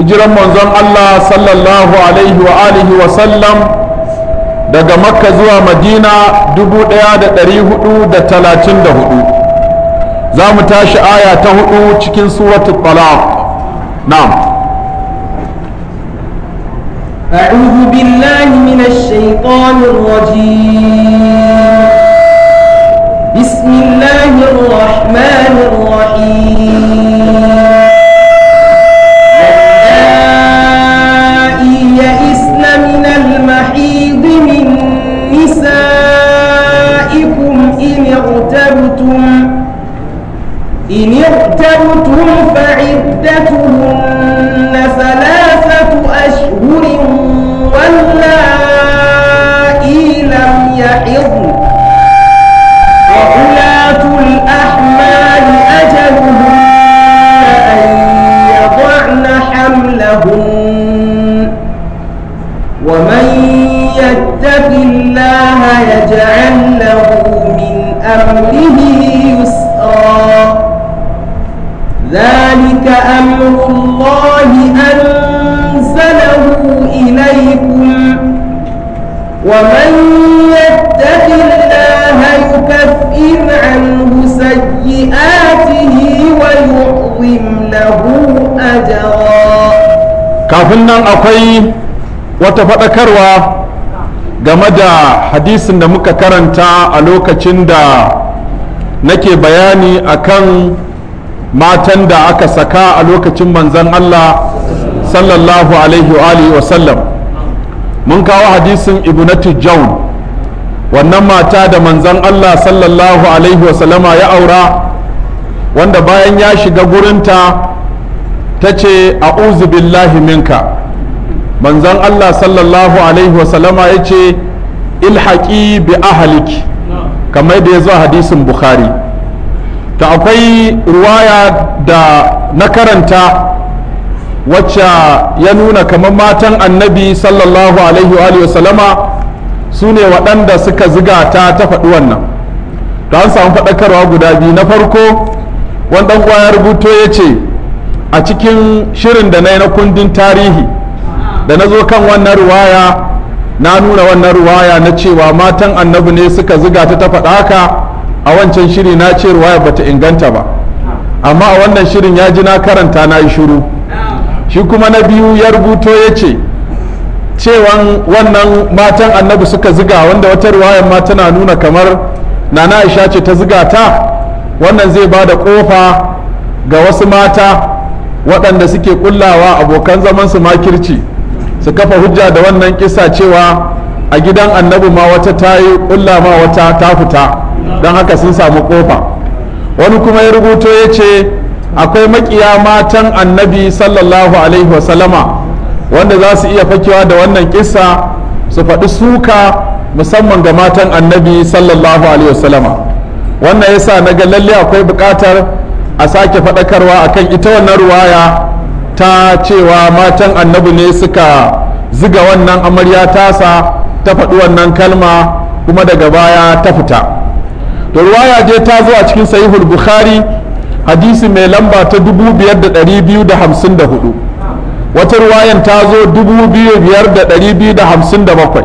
hijiran manzon Allah sallallahu alaihi wa alihi wa sallam daga makka zuwa madina 1434 za mu tashi aya ta hudu cikin suratul talaq na'am أعوذ بالله من الشيطان الرجيم بسم الله الرحمن الرحيم يجعل له من أمره يسرا ذلك أمر الله أنزله إليكم ومن يتق الله يكفر عنه سيئاته ويعظم له أجرا كافلنا أخي وتفتكروا game da hadisin da muka karanta a lokacin da nake bayani akan matan da aka saka a lokacin manzan Allah sallallahu alaihi wa sallam mun kawo hadisin ibnatu jaun wannan mata da manzan Allah sallallahu alaihi wa sallama ya aura wanda bayan ya shiga gurinta ta ce a'uzu billahi minka manzon Allah sallallahu alaihi wasallama ya ce ilhaki bi ahalik kamar da ya zo hadisin bukhari ta akwai ruwaya da na karanta wacce ya nuna kamar matan annabi sallallahu alaihi wasallama su ne waɗanda suka ziga ta ta faɗi wannan ta an samu faɗakarwa guda biyu na farko wanda ɗan ya rubuto ya ce a cikin shirin da na yi na kundin tarihi da na zo kan wannan ruwaya na nuna wannan ruwaya na cewa matan annabi ne suka ziga ta ta faɗa a wancan shiri na ce ruwaya bata inganta ba amma a wannan shirin ya ji na karanta na yi shuru shi kuma na biyu ya rubuto ya ce cewan wannan matan annabi suka ziga wanda wata ruwayan ma tana nuna kamar nana aisha ce ta ziga ta wannan zai ba da kofa ga wasu mata waɗanda suke kullawa abokan zamansu makirci su kafa hujja da wannan kisa cewa a gidan annabi ma wata ta yi ƙulla ma wata ta fita don haka sun samu kofa wani kuma ya rubuto ya ce akwai maƙiya matan annabi sallallahu alaihi wasallama wanda za su iya fakewa da wannan kisa su faɗi suka musamman ga matan annabi sallallahu alaihi wasallama wannan yasa na ga lalle akwai buƙatar a sake faɗakarwa akan ita wannan ruwaya ta cewa matan annabi ne suka ziga wannan amarya tasa ta faɗi wannan kalma kuma daga baya ta fita to ruwaya je ta zo a cikin sahihul bukhari hadisi mai lamba ta 2254 wata ruwayan ta zo 2257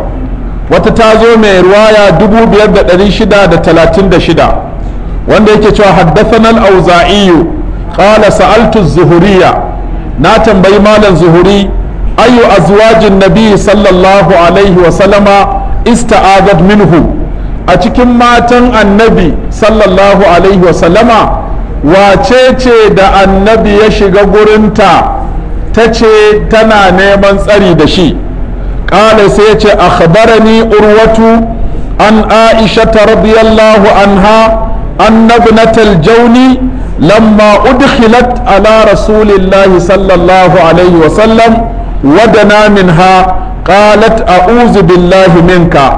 wata ta zo mai ruwaya 2,636 wanda yake cewa haddathana al-auza'i qala sa'altu az-zuhuriyya na tambayi malam zuhuri ayu azwajin nabi sallallahu alaihi wasallama ista'adat minhu a cikin matan annabi sallallahu alaihi wasallama wace ce da annabi ya shiga gurinta ta ce tana neman tsari da shi ƙala sai ce akhbarani urwatu an aisha radiyallahu anha أن ابنة الجوني لما أدخلت على رسول الله صلى الله عليه وسلم ودنا منها قالت أعوذ بالله منك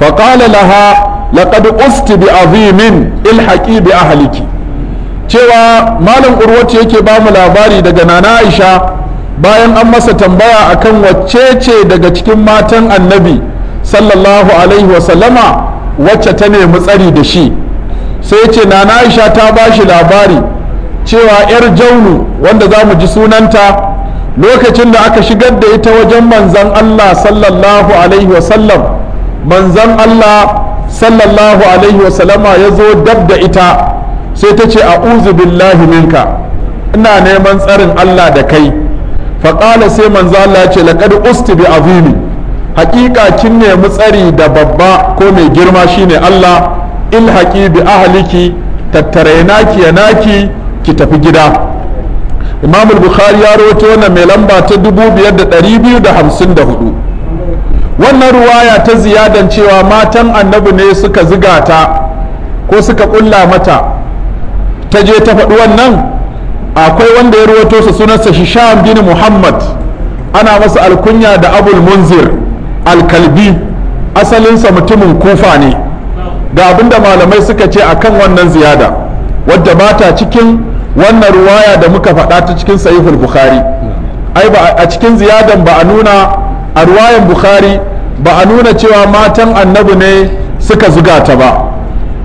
فقال لها لقد أفت بعظيم الحقي بأهلك cewa malam urwatu yake ba mu labari daga nana aisha bayan an masa tambaya akan wacce ce daga cikin matan annabi sallallahu alaihi wasallama wacce ta nemi tsari da shi sai ce na aisha ta ba shi labari cewa yar jaunu wanda za mu ji sunanta lokacin da aka shigar da ita wajen manzan allah sallallahu alaihi wasallam manzan allah sallallahu alaihi wasallama ya zo dab da ita sai ta ce a billahi minka ina neman tsarin allah da kai faƙala sai manzan allah ce laƙar usti bi azimi hakika kin nemi tsari da babba ko mai girma shine allah ilhaki bi ahliki tattare naki ya naki ki tafi gida imam bukhari ya rawaito wannan mai lamba ta 5254 wannan ruwaya ta ziyadan cewa matan annabi ne suka ziga ta ko suka kulla mata ta je ta faɗi wannan akwai wanda ya rawaito su sunansa sha bin muhammad ana masa alkunya da abul munzir alkalbi asalinsa mutumin kufa ne ga abinda malamai suka ce a kan wannan ziyada wadda ba ta cikin wannan ruwaya da muka faɗa ta cikin sahihul bukhari ai ba a cikin ziyadan ba a nuna a ruwayan bukhari ba a nuna cewa matan annabi ne suka zuga ta ba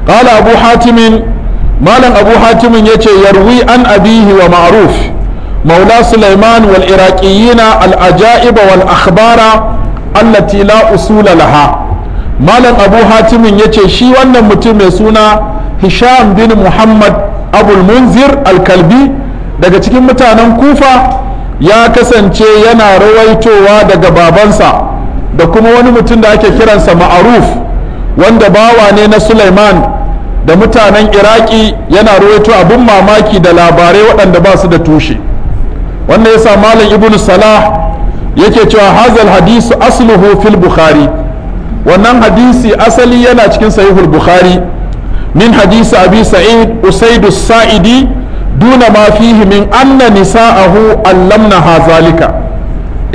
qala abu hatimin malam abu hatimin yace yarwi an abihi wa ma'ruf maula sulaiman wal iraqiyina al ajaiba wal akhbara allati la usula laha malam abu hatimin ya ce shi wannan mutum mai suna hisham bin muhammad abul munzir alkalbi daga cikin mutanen kufa ya kasance yana rawaitowa daga babansa da kuma wani mutum da ake kiransa ma'aruf wanda bawa ne na suleiman da mutanen iraki yana rawaito abin mamaki da labarai waɗanda ba su da tushe wannan sa malam ibn salah yake cewa hazal hadisu asluhu fil bukhari wannan hadisi asali yana cikin sahihul bukhari min hadisi abi sa'id usaidu sa'idi duna ma fihi min anna nisa'ahu allamna hazalika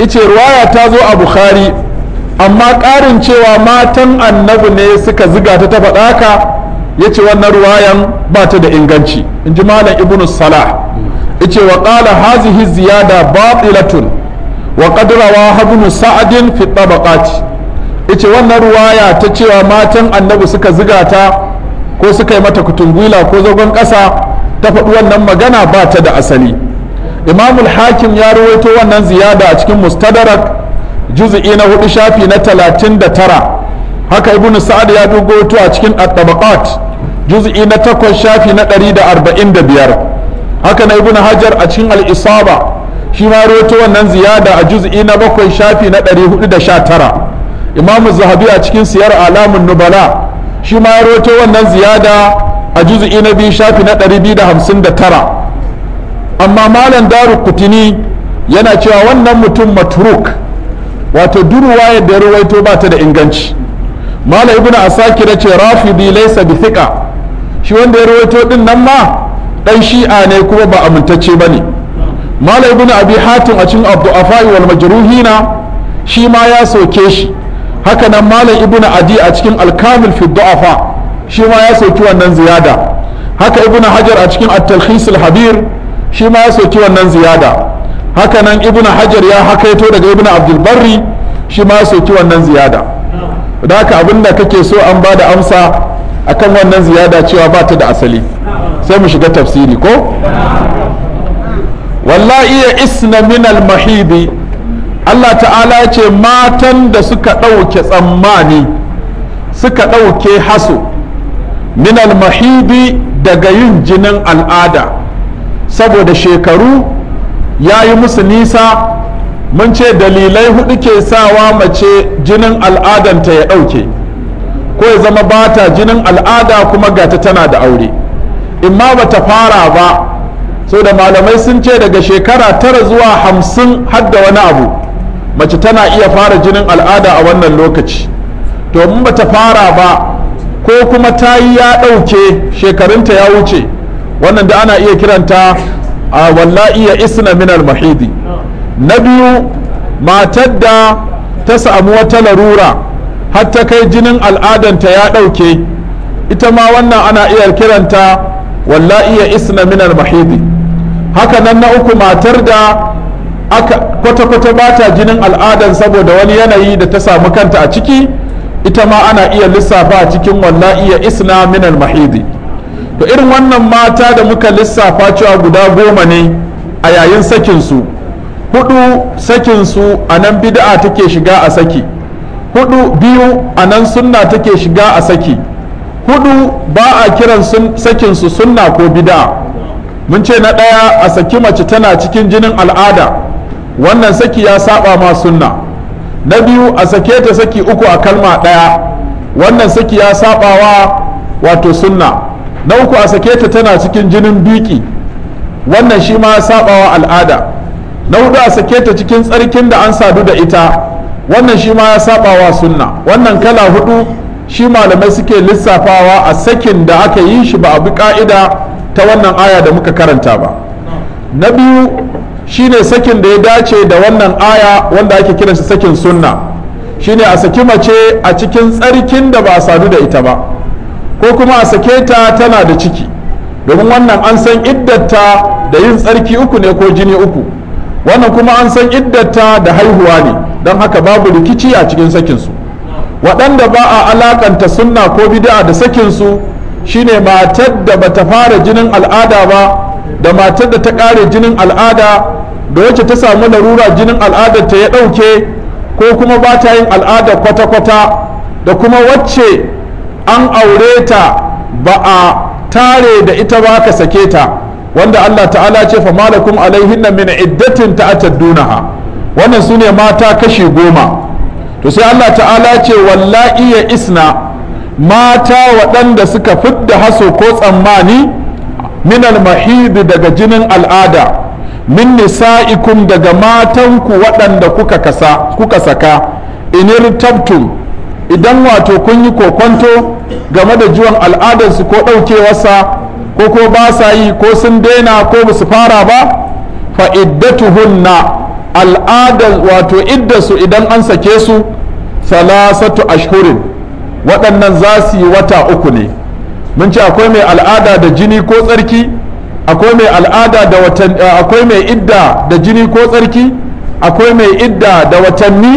ice ruwaya ta zo a bukhari amma ƙarin cewa matan annabi ne suka ziga ta ta faɗa ka wannan ruwayan ba ta da inganci in ji malam ibnu salah ice wa qala hazihi ziyada batilatun wa qad rawaha ibnu sa'adin fi tabaqati yace wannan ruwaya ta cewa matan annabi suka ziga ta ko suka yi mata kutungwila ko zagon ƙasa ta faɗi wannan magana ba ta da asali imamul hakim ya rawaito wannan ziyada a cikin mustadarak juz'i na hudu shafi na talatin da tara haka ibn sa'ad ya dogoto a cikin at-tabaqat na takwas shafi na ɗari da arba'in da biyar haka na ibn hajar a cikin al-isaba shi ma rawaito wannan ziyada a juz'i na bakwai shafi na ɗari hudu da sha tara imam zahabi a cikin siyar alamun nubala shi ma ya roto wannan ziyada a juzu'i na biyu shafi na 259 amma malam daru kutini yana cewa wannan mutum matruk wato duruwa yadda ya ruwaito ba ta da inganci malam ibn asaki na ce rafidi laisa bi thiqa shi wanda ya ruwaito din nan ma dan shi'a ne kuma ba amintacce ne malam ibn abi hatim a cikin abdu afai wal majruhina shi ma ya soke shi haka nan malam ibnu adi a cikin alkamil fi du'afa shi ma ya sauki wannan ziyada haka ibnu hajar a cikin at-talkhis al-habir shi ma ya sauki wannan ziyada haka nan ibnu hajar ya hakaito daga ibnu abdul barri shi ma ya sauki wannan ziyada da haka abinda kake so an ba da amsa akan wannan ziyada cewa ba ta da asali sai mu shiga tafsiri ko wallahi ya isna min al-mahidi Allah ta'ala ya ce matan da suka ɗauke tsammani suka ɗauke haso min almahidi daga yin jinin al'ada saboda shekaru ya yi musu nisa mun ce dalilai hudu ke sawa mace jinin al'adanta ya ɗauke ko ya zama bata jinin al'ada kuma gata tana da aure imma bata fara ba so da malamai sun ce daga shekara tara zuwa hamsin hadda wani abu mace tana iya fara jinin al'ada a wannan lokaci to in ta fara ba ko kuma ta yi ya ɗauke shekarunta ya wuce wannan da ana iya kiranta a wallahi ya isna min mahidi na biyu matar da ta samu wata larura har ta kai jinin al'adanta ya ɗauke ita ma wannan ana iya kiranta wallahi ya isna min mahidi haka nan na uku matar da aka kwata-kwata ba ta jinin al'adan saboda wani yanayi da ta samu kanta a ciki ita ma ana iya lissafa a cikin wallahi ya isna min mahidi to irin wannan mata da muka lissafa cewa guda goma ne a yayin sakinsu hudu sakinsu a nan bid'a take shiga a saki hudu biyu a nan sunna take shiga a saki hudu ba a kiran sakinsu sunna ko bid'a mun ce na ɗaya a saki mace tana cikin jinin al'ada wannan saki ya saba ma sunna na biyu a sake ta saki uku a kalma ɗaya wannan saki ya saba wa wato sunna na uku a sake ta tana cikin jinin biki wannan shi ma ya saba wa al'ada na hudu a sake ta cikin tsarkin da an sadu da ita wannan shi ma ya saba wa sunna wannan kala hudu shi malamai suke lissafawa a sakin da aka yi shi ba a bi ka'ida ta wannan aya da muka karanta ba na biyu shine sakin da ya dace da wannan aya wanda ake kiran shi sakin sunna shine a saki mace a cikin tsarkin da ba sadu da ita ba ko kuma a sake ta tana da ciki domin wannan an san iddata da yin tsarki uku ne ko jini uku wannan kuma an san iddata da haihuwa ne don haka babu rikici a cikin sakinsu waɗanda ba a alakanta sunna ko bid'a da sakinsu shine matar da bata fara jinin al'ada ba da matar da ta ƙare jinin al'ada da wacce ta samu larura jinin al'adar ta ya ɗauke ko kuma ba ta yin al'ada kwata-kwata da kuma wacce an aure ta ba a tare da ita ba ka sake ta wanda Allah ta'ala ce fa malakum alaihinna min iddatin dunaha wannan sune mata kashi goma to sai Allah ta'ala ce wallahi ya isna mata waɗanda suka fidda haso ko tsammani min almahidi daga jinin al'ada min nisa'ikum daga matanku waɗanda kuka kasa kuka saka inir idan wato kun yi kokonto game da jiwon al'adarsu ko ɗaukewarsa ko ko ba sa yi ko sun daina ko ba su fara ba fa iddatuhunna al'adar wato iddasu idan an sake su salasatu ashhurin waɗannan za su yi wata uku ne mun ce akwai mai al'ada da jini ko tsarki akwai mai al'ada da watanni eh, akwai mai idda da jini ko tsarki akwai mai idda da watanni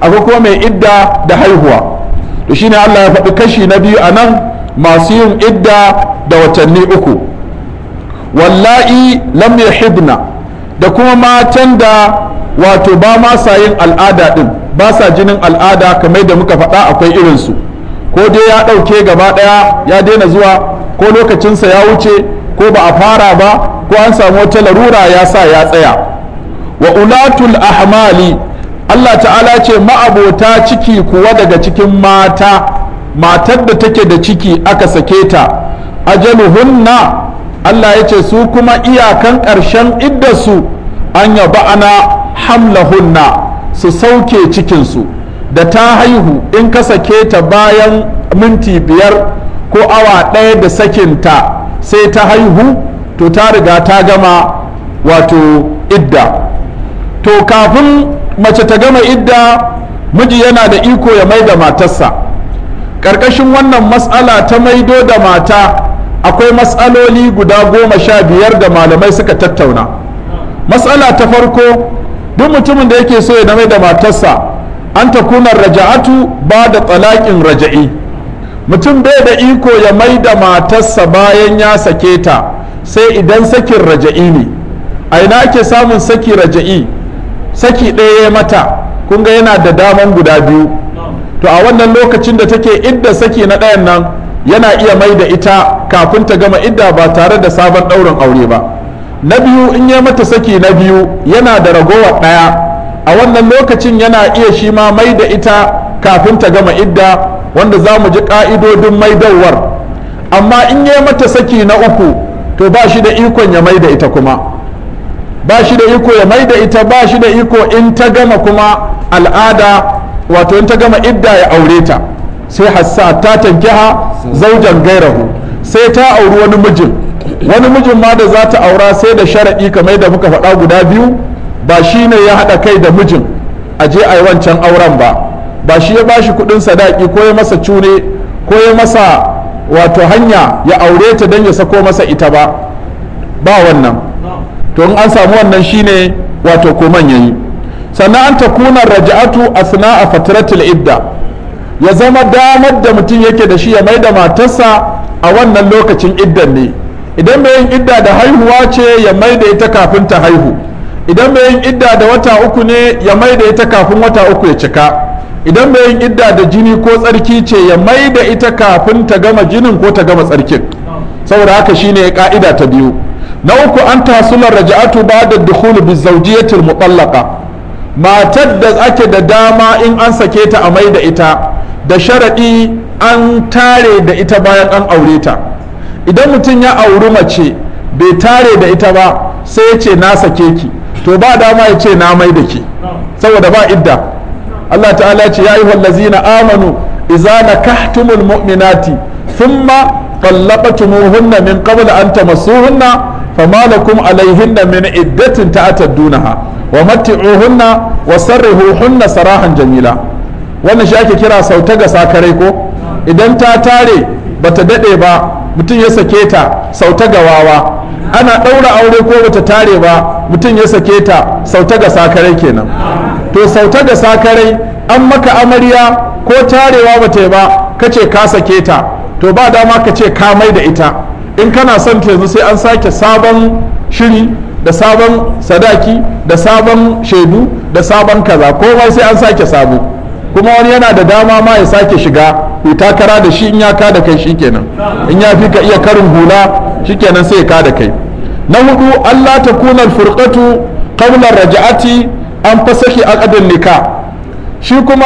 akwai kuma mai idda da haihuwa to shine Allah ya faɗi kashi na biyu a nan masu yin idda da watanni uku wallahi lam yahibna da kuma matan da wato ba ma sa yin al'ada din ba sa jinin al'ada kamar da muka faɗa akwai irinsu ko dai ya ɗauke gaba ɗaya ya daina zuwa ko lokacinsa ya wuce ko ba a fara ba ko an samu wata larura ya sa ya tsaya wa ulatul ahmali Allah ta'ala ce ma'abota ciki kuwa daga cikin mata matar da take da ciki aka sake ta ajaluhunna Allah ya ce su kuma iyakan ƙarshen iddarsu an yaba ana hamlahunna su sauke cikinsu da ta haihu in ka sake ta bayan minti biyar ko awa ɗaya da sakinta sai ta haihu to ta riga ta gama wato idda to kafin mace ta gama idda miji yana da iko ya mai da matarsa ƙarƙashin wannan matsala ta maido da mata akwai matsaloli guda goma sha biyar da malamai suka tattauna matsala ta farko duk mutumin da yake so ya na mai da matarsa an ta kuna raja'atu ba da talaƙin raja'i mutum bai da iko ya mai da matarsa bayan ya sake ta sai idan sakin raja'i ne a ina ake samun saki raja'i saki ɗaya ya mata kun ga yana da daman guda biyu to a wannan lokacin da take idda saki na ɗayan nan yana iya mai da ita kafin ta gama idda ba tare da sabon ɗaurin aure ba na biyu in ya mata saki na biyu yana da ragowa ɗaya a wannan lokacin yana iya shi ma mai da ita kafin ta gama idda wanda za mu ji ƙa'idodin maidawar amma in yi mata saki na uku to ba shi da ikon ya mai da ita kuma ba shi da iko ya mai da ita ba shi da iko in ta gama kuma al'ada wato in ta gama idda ya aure ta sai hassa ta tankiha zaujan gairahu sai ta auri wani mijin wani mijin ma da za ta aura sai da sharaɗi kamar da muka faɗa guda biyu ba shi ne ya haɗa kai da mijin a je a yi wancan auren ba ba shi ya ba shi kuɗin sadaki ko ya masa cune ko ya masa wato hanya ya aure ta don ya sako masa ita ba ba wannan to an samu wannan shi ne wato koman yayi sannan an ta kuna raja'atu a a fatiratul idda ya zama damar da mutum yake da shi ya mai da matarsa a wannan lokacin iddan ne idan mai yin idda da haihuwa ce ya mai da ita kafin ta haihu idan mai yin idda da wata uku ne ya mai da ita kafin wata uku ya cika idan mai yin idda da jini ko tsarki ce ya mai da ita kafin ta gama jinin ko ta gama tsarkin saboda haka shine ka'ida ta biyu na uku an sunan raja'atu ba da dukhul bi zaujiyatul mutallaqa matar da ake da dama in an sake ta a mai da ita da sharaɗi an tare da ita bayan an aure ta idan mutum ya auri mace bai tare da ita ba sai ya ce na sake ki to ba dama ya ce na mai da ke saboda ba idda Allah ta'ala ce ya yi na amanu iza kahtumul mu'minati thumma طلقتموهن من قبل أن تمسوهن فما لكم عليهن من عدة تعتدونها ومتعوهن وسرهوهن سراحا Jamila wannan shi ake kira sauta ga sakarai ko idan ta tare bata daɗe ba mutum ya sake ta sauta ga wawa ana ɗaura aure ko bata tare ba mutum ya sake ta sauta ga sakarai kenan to sauta ga sakarai an maka amarya ko tarewa bata yi ba ka ce ka sake ta to ba dama ka ce ka mai da ita in kana son ta yanzu sai an sake sabon shiri da sabon sadaki da sabon shaidu da sabon kaza komai sai an sake sabo kuma wani yana da dama ma ya sake shiga ku takara da shi in ya ka da kai shikenan in ya fi ka iya karin hula shi shikenan sai ya ka da kai na hudu Allah ta kunar furqatu qabla raja'ati an fasaki aqdan nika shi kuma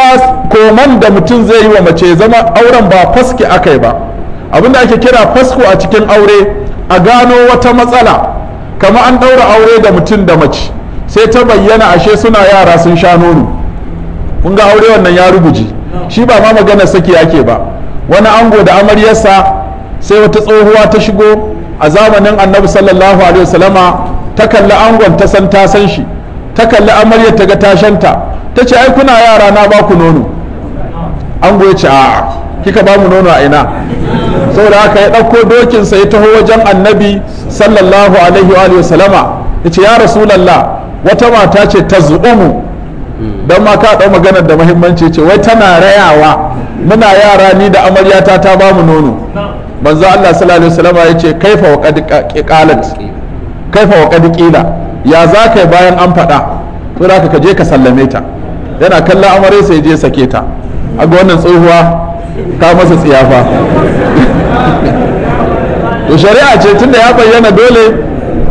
koman da mutum zai yi wa mace zama auren ba faski akai ba abinda ake kira fasko a cikin aure a gano wata matsala kama an daura aure da mutum da mace sai ta bayyana ashe suna yara sun sha nono kun ga aure wannan ya rubuji shi ba ma maganar saki yake ba wani ango da amaryarsa sai wata tsohuwa ta shigo a zamanin annabi sallallahu alaihi wasallama ta kalli angon ta san ta san shi ta kalli amaryar ta ga tashanta ta ce ai kuna yara na ba ku nono an goye ce a kika ba mu nono a ina saboda haka ya ɗauko dokinsa ya taho wajen annabi sallallahu alaihi wa sallama ya ce ya rasulallah wata mata ce ta zu'umu don ma ka ɗau maganar da muhimmanci ce wai tana rayawa muna yara ni da amaryata ta ba mu nono manzo Allah sallallahu alaihi wasallam ya ce kaifa wa qad qalat kaifa wa qad qila ya za kai bayan an faɗa to da ka je ka sallame ta yana kallon amare sai je sake ta a ga wannan tsohuwa ta masa tsiyafa to shari'a ce tunda ya bayyana dole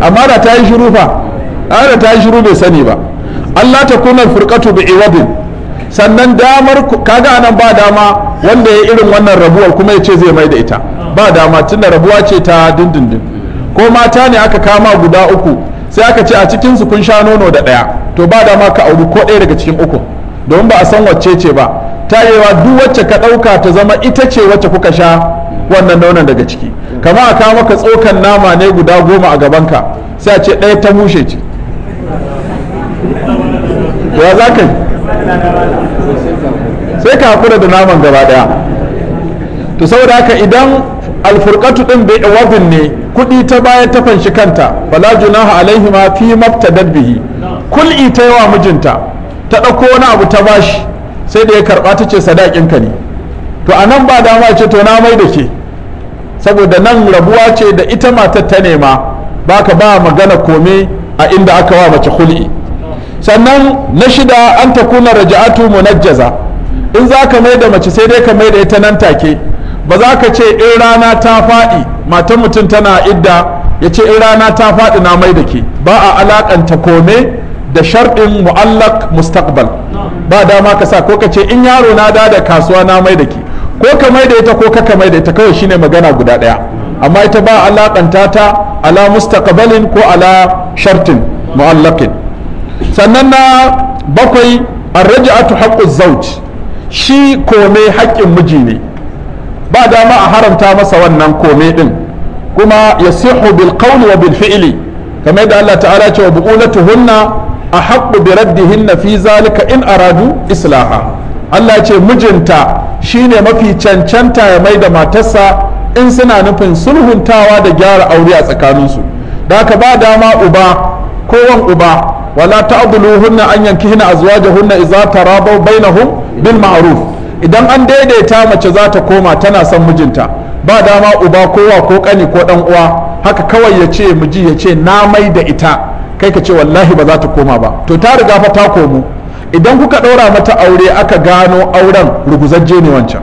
amma da ta yi shiru fa da ta yi shiru bai sani ba Allah ta kuna furqatu bi iwadin sannan damar kaga anan ba dama wanda ya irin wannan rabuwar kuma ya ce zai mai da ita ba dama tunda rabuwa ce ta dindindin ko mata ne aka kama guda uku sai aka ce a cikin su kun sha nono da ɗaya to ba dama ka auri ko ɗaya daga cikin uku don ba a san wacce ce ba ta wa duk wacce ka ɗauka ta zama ita ce wacce kuka sha wannan nonon daga ciki kama a kama ka tsokan nama ne guda goma a gabanka sai a ce ɗaya ta mushe ce ya za yi sai ka haƙura da naman gaba ɗaya to saboda haka idan alfurkatu din bai wadin ne kuɗi ta baya ta fanshi kanta bala junaha alaihi ma fi mabtadad bihi kul'i ta yawa mijinta ta ɗauko wani abu ta bashi sai da ya karɓa ta ce sadakin ka ne to nan ba dama ce to na mai da ke saboda nan rabuwa ce da ita matar ta nema baka ba magana kome a inda aka wa mace kul'i sannan na shida an ta kuna raja'atu munajjaza in za ka mai da mace sai dai ka mai da ita nan take ba za ka ce in rana ta faɗi matan mutum tana idda ya ce in rana ta faɗi na mai da ke ba a alakanta kome da sharɗin mu'allak mustaqbal ba dama ka sa ko ka ce in yaro na da da kasuwa na mai da ke ko ka mai da ita ko ka mai da ita kawai shine magana guda ɗaya amma ita ba alakanta ta ala mustaqbalin ko ala shartin mu'allakin sannan na bakwai arraja'atu haqqu zawj shi kome haƙƙin miji ne ba dama a haramta masa wannan komai din kuma ya sihu bil qawli wa bil fi'li kamar da Allah ta'ala ce wa bu'ulatuhunna ahaqqu bi raddihinna fi zalika in aradu islaha Allah ce mijinta shine mafi cancanta ya mai da matarsa in suna nufin sulhuntawa da gyara aure a tsakaninsu da haka ba dama uba kowan uba wala ta'dhuluhunna an yankihna azwajahunna idza tarabaw bainahum bil ma'ruf idan an daidaita mace za ta koma tana son mijinta ba dama uba kowa ko kani ko dan uwa haka kawai ya ce miji ya ce na mai da ita kai ka ce wallahi ba za ta koma ba to ta riga fa ta komo idan kuka ɗora mata aure aka gano auren ruguzajje ne wancan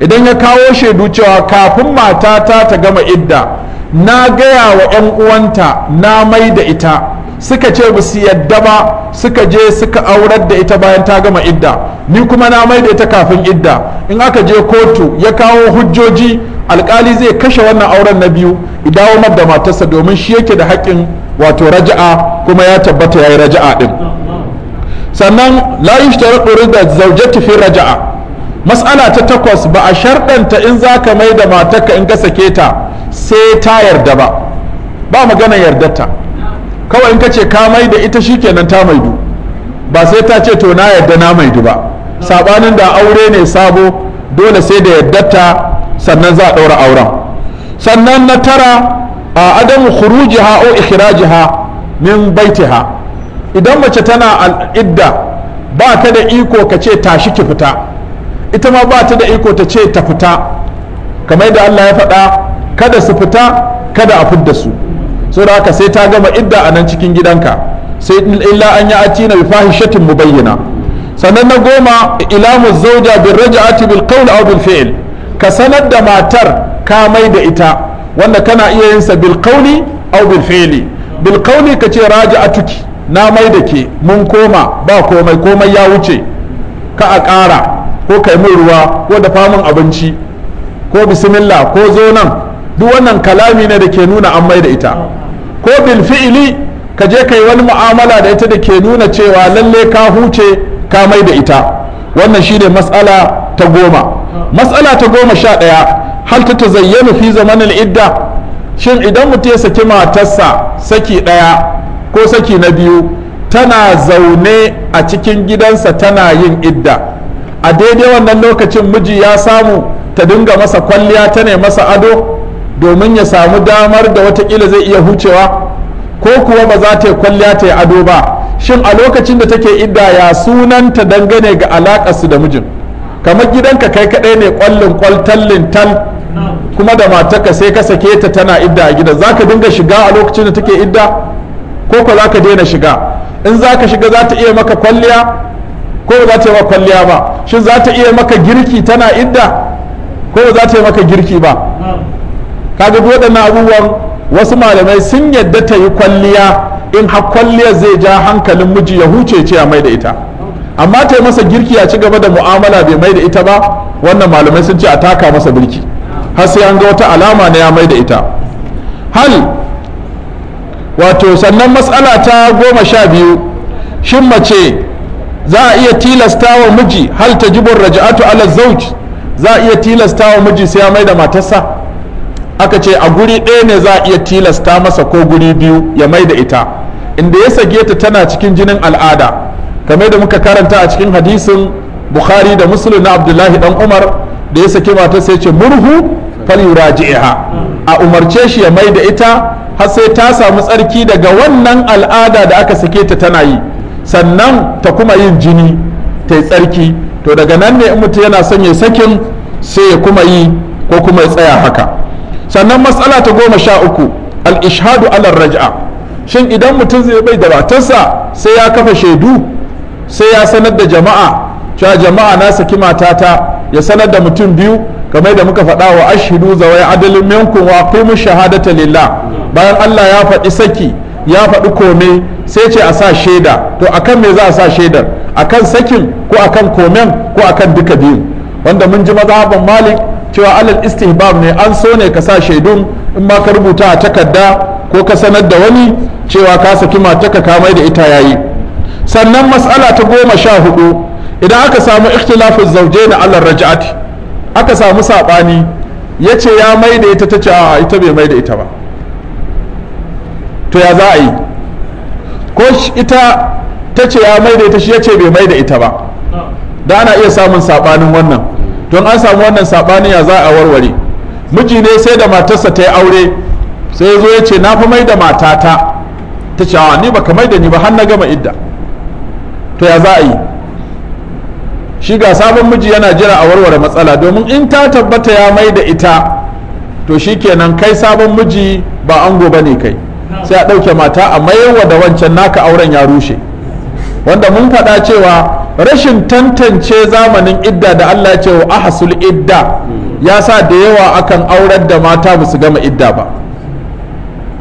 idan ya kawo shaidu cewa kafin matata ta gama idda na gaya wa 'yan uwanta na mai da ita suka ce ba su yadda ba suka je suka aurar da ita bayan ta gama idda ni kuma na mai da ita kafin idda in aka je kotu ya kawo hujjoji alkali zai kashe wannan auren na biyu idawo mar da matarsa domin shi yake da haƙƙin wato raja'a kuma ya tabbata ya yi raja'a din. sannan la yushtaratu da zawjati fi raja'a mas'ala ta takwas ba a sharɗanta in za ka mai da matarka in ka sake ta sai ta yarda ba ba magana yardarta kawai in ka ce ka mai da ita kenan ta maidu ba sai ta ce to na yadda na maidu ba sabanin da aure ne sabo dole sai da ta sannan za a ɗaura auren sannan na tara a adam ha o ikirajiha min baiti ha. idan mace tana al'idda ba ta da iko ka ce tashi ki fita ita ma ba ta da iko ta ce ta fita kamar da Allah ya faɗa kada su fita kada a fidda su so da haka sai ta gama idda a nan cikin gidanka sai illa an yi aci na shatin mu bayyana sannan na goma ilamu zauja bin raja'ati bil qawl au bil ka sanar da matar ka mai da ita wanda kana iya yin sa bil kauli aw bil fi'li bil kauli ka ce na mai da ke mun koma ba komai komai ya wuce ka a kara ko kai mun ruwa ko dafa min abinci ko bismillah ko zo nan duk wannan kalami ne da ke nuna an mai da ita ko bil fi'ili ka je kai wani mu'amala da ita da ke nuna cewa lalle ka huce ka mai da ita wannan shi ne matsala ta goma matsala ta goma sha ɗaya hal ta tazayyanu fi zaman idda shin idan mutum ya saki matarsa saki ɗaya ko saki na biyu tana zaune a cikin gidansa tana yin idda a daidai wannan lokacin miji ya samu ta dinga masa kwalliya ta ne masa ado domin ya samu damar da watakila zai iya hucewa ko kuwa ba za ta yi kwalliya ta yi ado ba shin a lokacin da take idda ya sunanta dangane ga alakarsu da mijin kamar gidanka kai kaɗai ne kwallin ƙwaltallin tal kuma da mataka sai ka sake ta tana idda a gidan za ka dinga shiga a lokacin da take idda ko ko za ka daina shiga in za ka shiga za ta iya maka kwalliya ko ba za ta yi maka kwalliya ba shin za ta iya maka girki tana idda ko ba za ta yi maka girki ba kaga duk waɗannan abubuwan wasu malamai sun yadda ta yi kwalliya in har kwalliyar zai ja hankalin miji ya huce ce a mai da ita amma ta yi masa girki a ci gaba da mu'amala bai mai da ita ba wannan malamai sun ce a taka masa birki har sai an ga wata alama na ya mai da ita hal wato sannan matsala ta goma sha biyu shin mace za a iya tilasta wa miji hal ta jibin raja'atu ala zauj za a iya tilasta wa miji sai ya mai da matarsa aka ce a guri ɗaya ne za a iya tilasta masa ko guri biyu ya mai da ita inda ya sage ta tana cikin jinin al'ada kamar da muka karanta a cikin hadisin bukhari da musulun na abdullahi dan umar da ya saki mata sai ce murhu fal yuraji'ha a umarce shi ya mai da ita har sai ta samu tsarki daga wannan al'ada da aka sake ta tana yi sannan ta kuma yin jini ta yi tsarki to daga nan ne in mutum yana son ya sakin sai ya kuma yi ko kuma ya tsaya haka sannan matsala ta goma sha uku al-ishhadu ala raj'a shin idan mutum zai bai da matarsa sai ya kafa shaidu sai ya sanar da jama'a cewa jama'a na saki matata ya sanar da mutum biyu game da muka faɗa wa ashhidu zawai adalin minkum wa aqimu shahadata lillah bayan Allah ya faɗi saki ya faɗi kome sai ce a sa shaida to akan me za a sa shaidar akan sakin ko akan komen ko akan duka biyu wanda mun ji mazhaban malik cewa alal istihbab ne an so ne ka sa shaidun in ma ka rubuta a takarda ko ka sanar da wani cewa ka saki matarka ka mai da ita yayi sannan mas'ala ta goma sha hudu idan aka samu ikhtilafin zauje na alal raj'ati aka samu sabani ya ce ya mai da ita ta ce a ita bai mai da ita ba to ya za a yi ko ita ta ce ya mai da ita shi ya ce bai mai da ita ba da ana iya samun sabanin wannan don an samu wannan saɓani ya za a warware miji ne sai da matarsa ta yi aure sai zo ya ce na fi mai da matata ta ce ni baka mai da ni ba har na gama idda to ya za a yi shi ga sabon miji yana jira a warware matsala domin in ta tabbata ya mai da ita to shi kenan kai sabon miji ba ango ba ne kai sai a ɗauke mata a mayarwa da wancan naka auren ya rushe wanda mun faɗa cewa rashin tantance zamanin idda da Allah ya ce wa ahasul idda ya sa da yawa akan aurar da mata ba su gama idda ba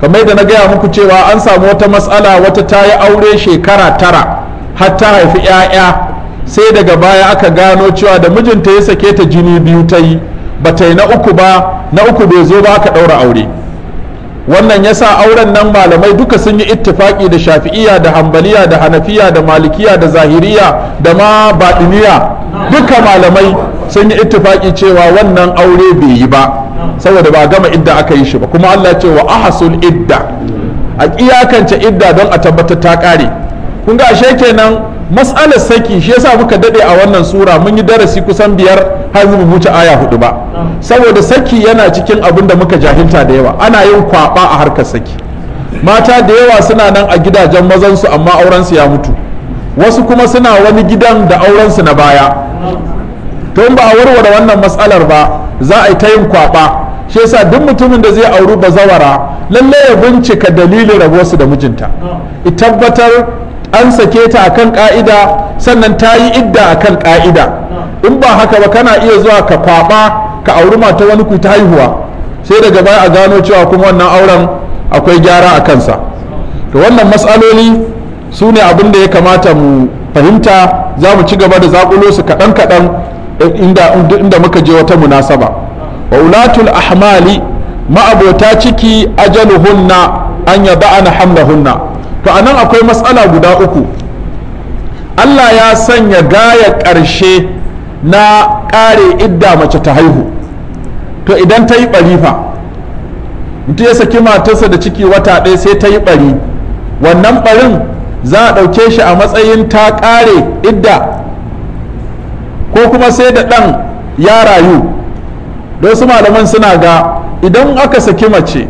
kamar da na gaya muku cewa an samu wata matsala wata ta yi aure shekara tara har ta haifi 'ya'ya sai daga baya aka gano cewa da mijinta ya sake ta jini biyu ta yi ba ta yi na uku ba na uku bai zo ba aka ɗaura aure wannan ya sa auren nan malamai duka sun yi ittifaki da shafi'iya da hambaliya da hanafiya da malikiya da zahiriya da ma baɗiniya duka malamai sun yi ittifaki cewa wannan aure bai yi ba saboda ba gama idda aka yi shi ba kuma Allah cewa ahasul idda a iyakance idda don a tabbatar ta ƙare kun ga ashe kenan mas'alar saki shi yasa muka dade a wannan sura mun yi darasi kusan biyar har mu huce aya hudu ba saboda saki yana cikin abin da muka jahilta da yawa ana yin kwaba a harkar saki mata da yawa suna nan a gidajen mazansu amma aurensu ya mutu wasu kuma suna wani gidan da aurensu na baya to ba a warware wannan matsalar ba za a yi ta yin kwaba shi yasa duk mutumin da zai auri bazawara lallai ya bincika dalilin rabuwarsu da mijinta i tabbatar an sake ta akan ka'ida sannan ta yi idda akan ka'ida in ba haka ba kana iya zuwa ka kwaba ka auri mata wani ku ta haihuwa sai daga baya a gano cewa kuma wannan auren akwai gyara a kansa to wannan matsaloli su ne abin da ya kamata mu fahimta za mu ci gaba da zaƙulo su kaɗan kaɗan inda muka je wata munasaba wa ulatul ahmali ma'abota ciki ajaluhunna an yaba'ana hamlahunna to anan akwai matsala guda uku Allah ya sanya gaya ƙarshe na ƙare idda mace ta haihu to idan ta yi ɓari fa mutum ya saki matarsa da ciki wata ɗaya sai ta yi ɓari wannan ɓarin za a ɗauke shi a matsayin ta ƙare idda ko kuma sai da ɗan ya rayu don su malaman suna ga idan aka saki mace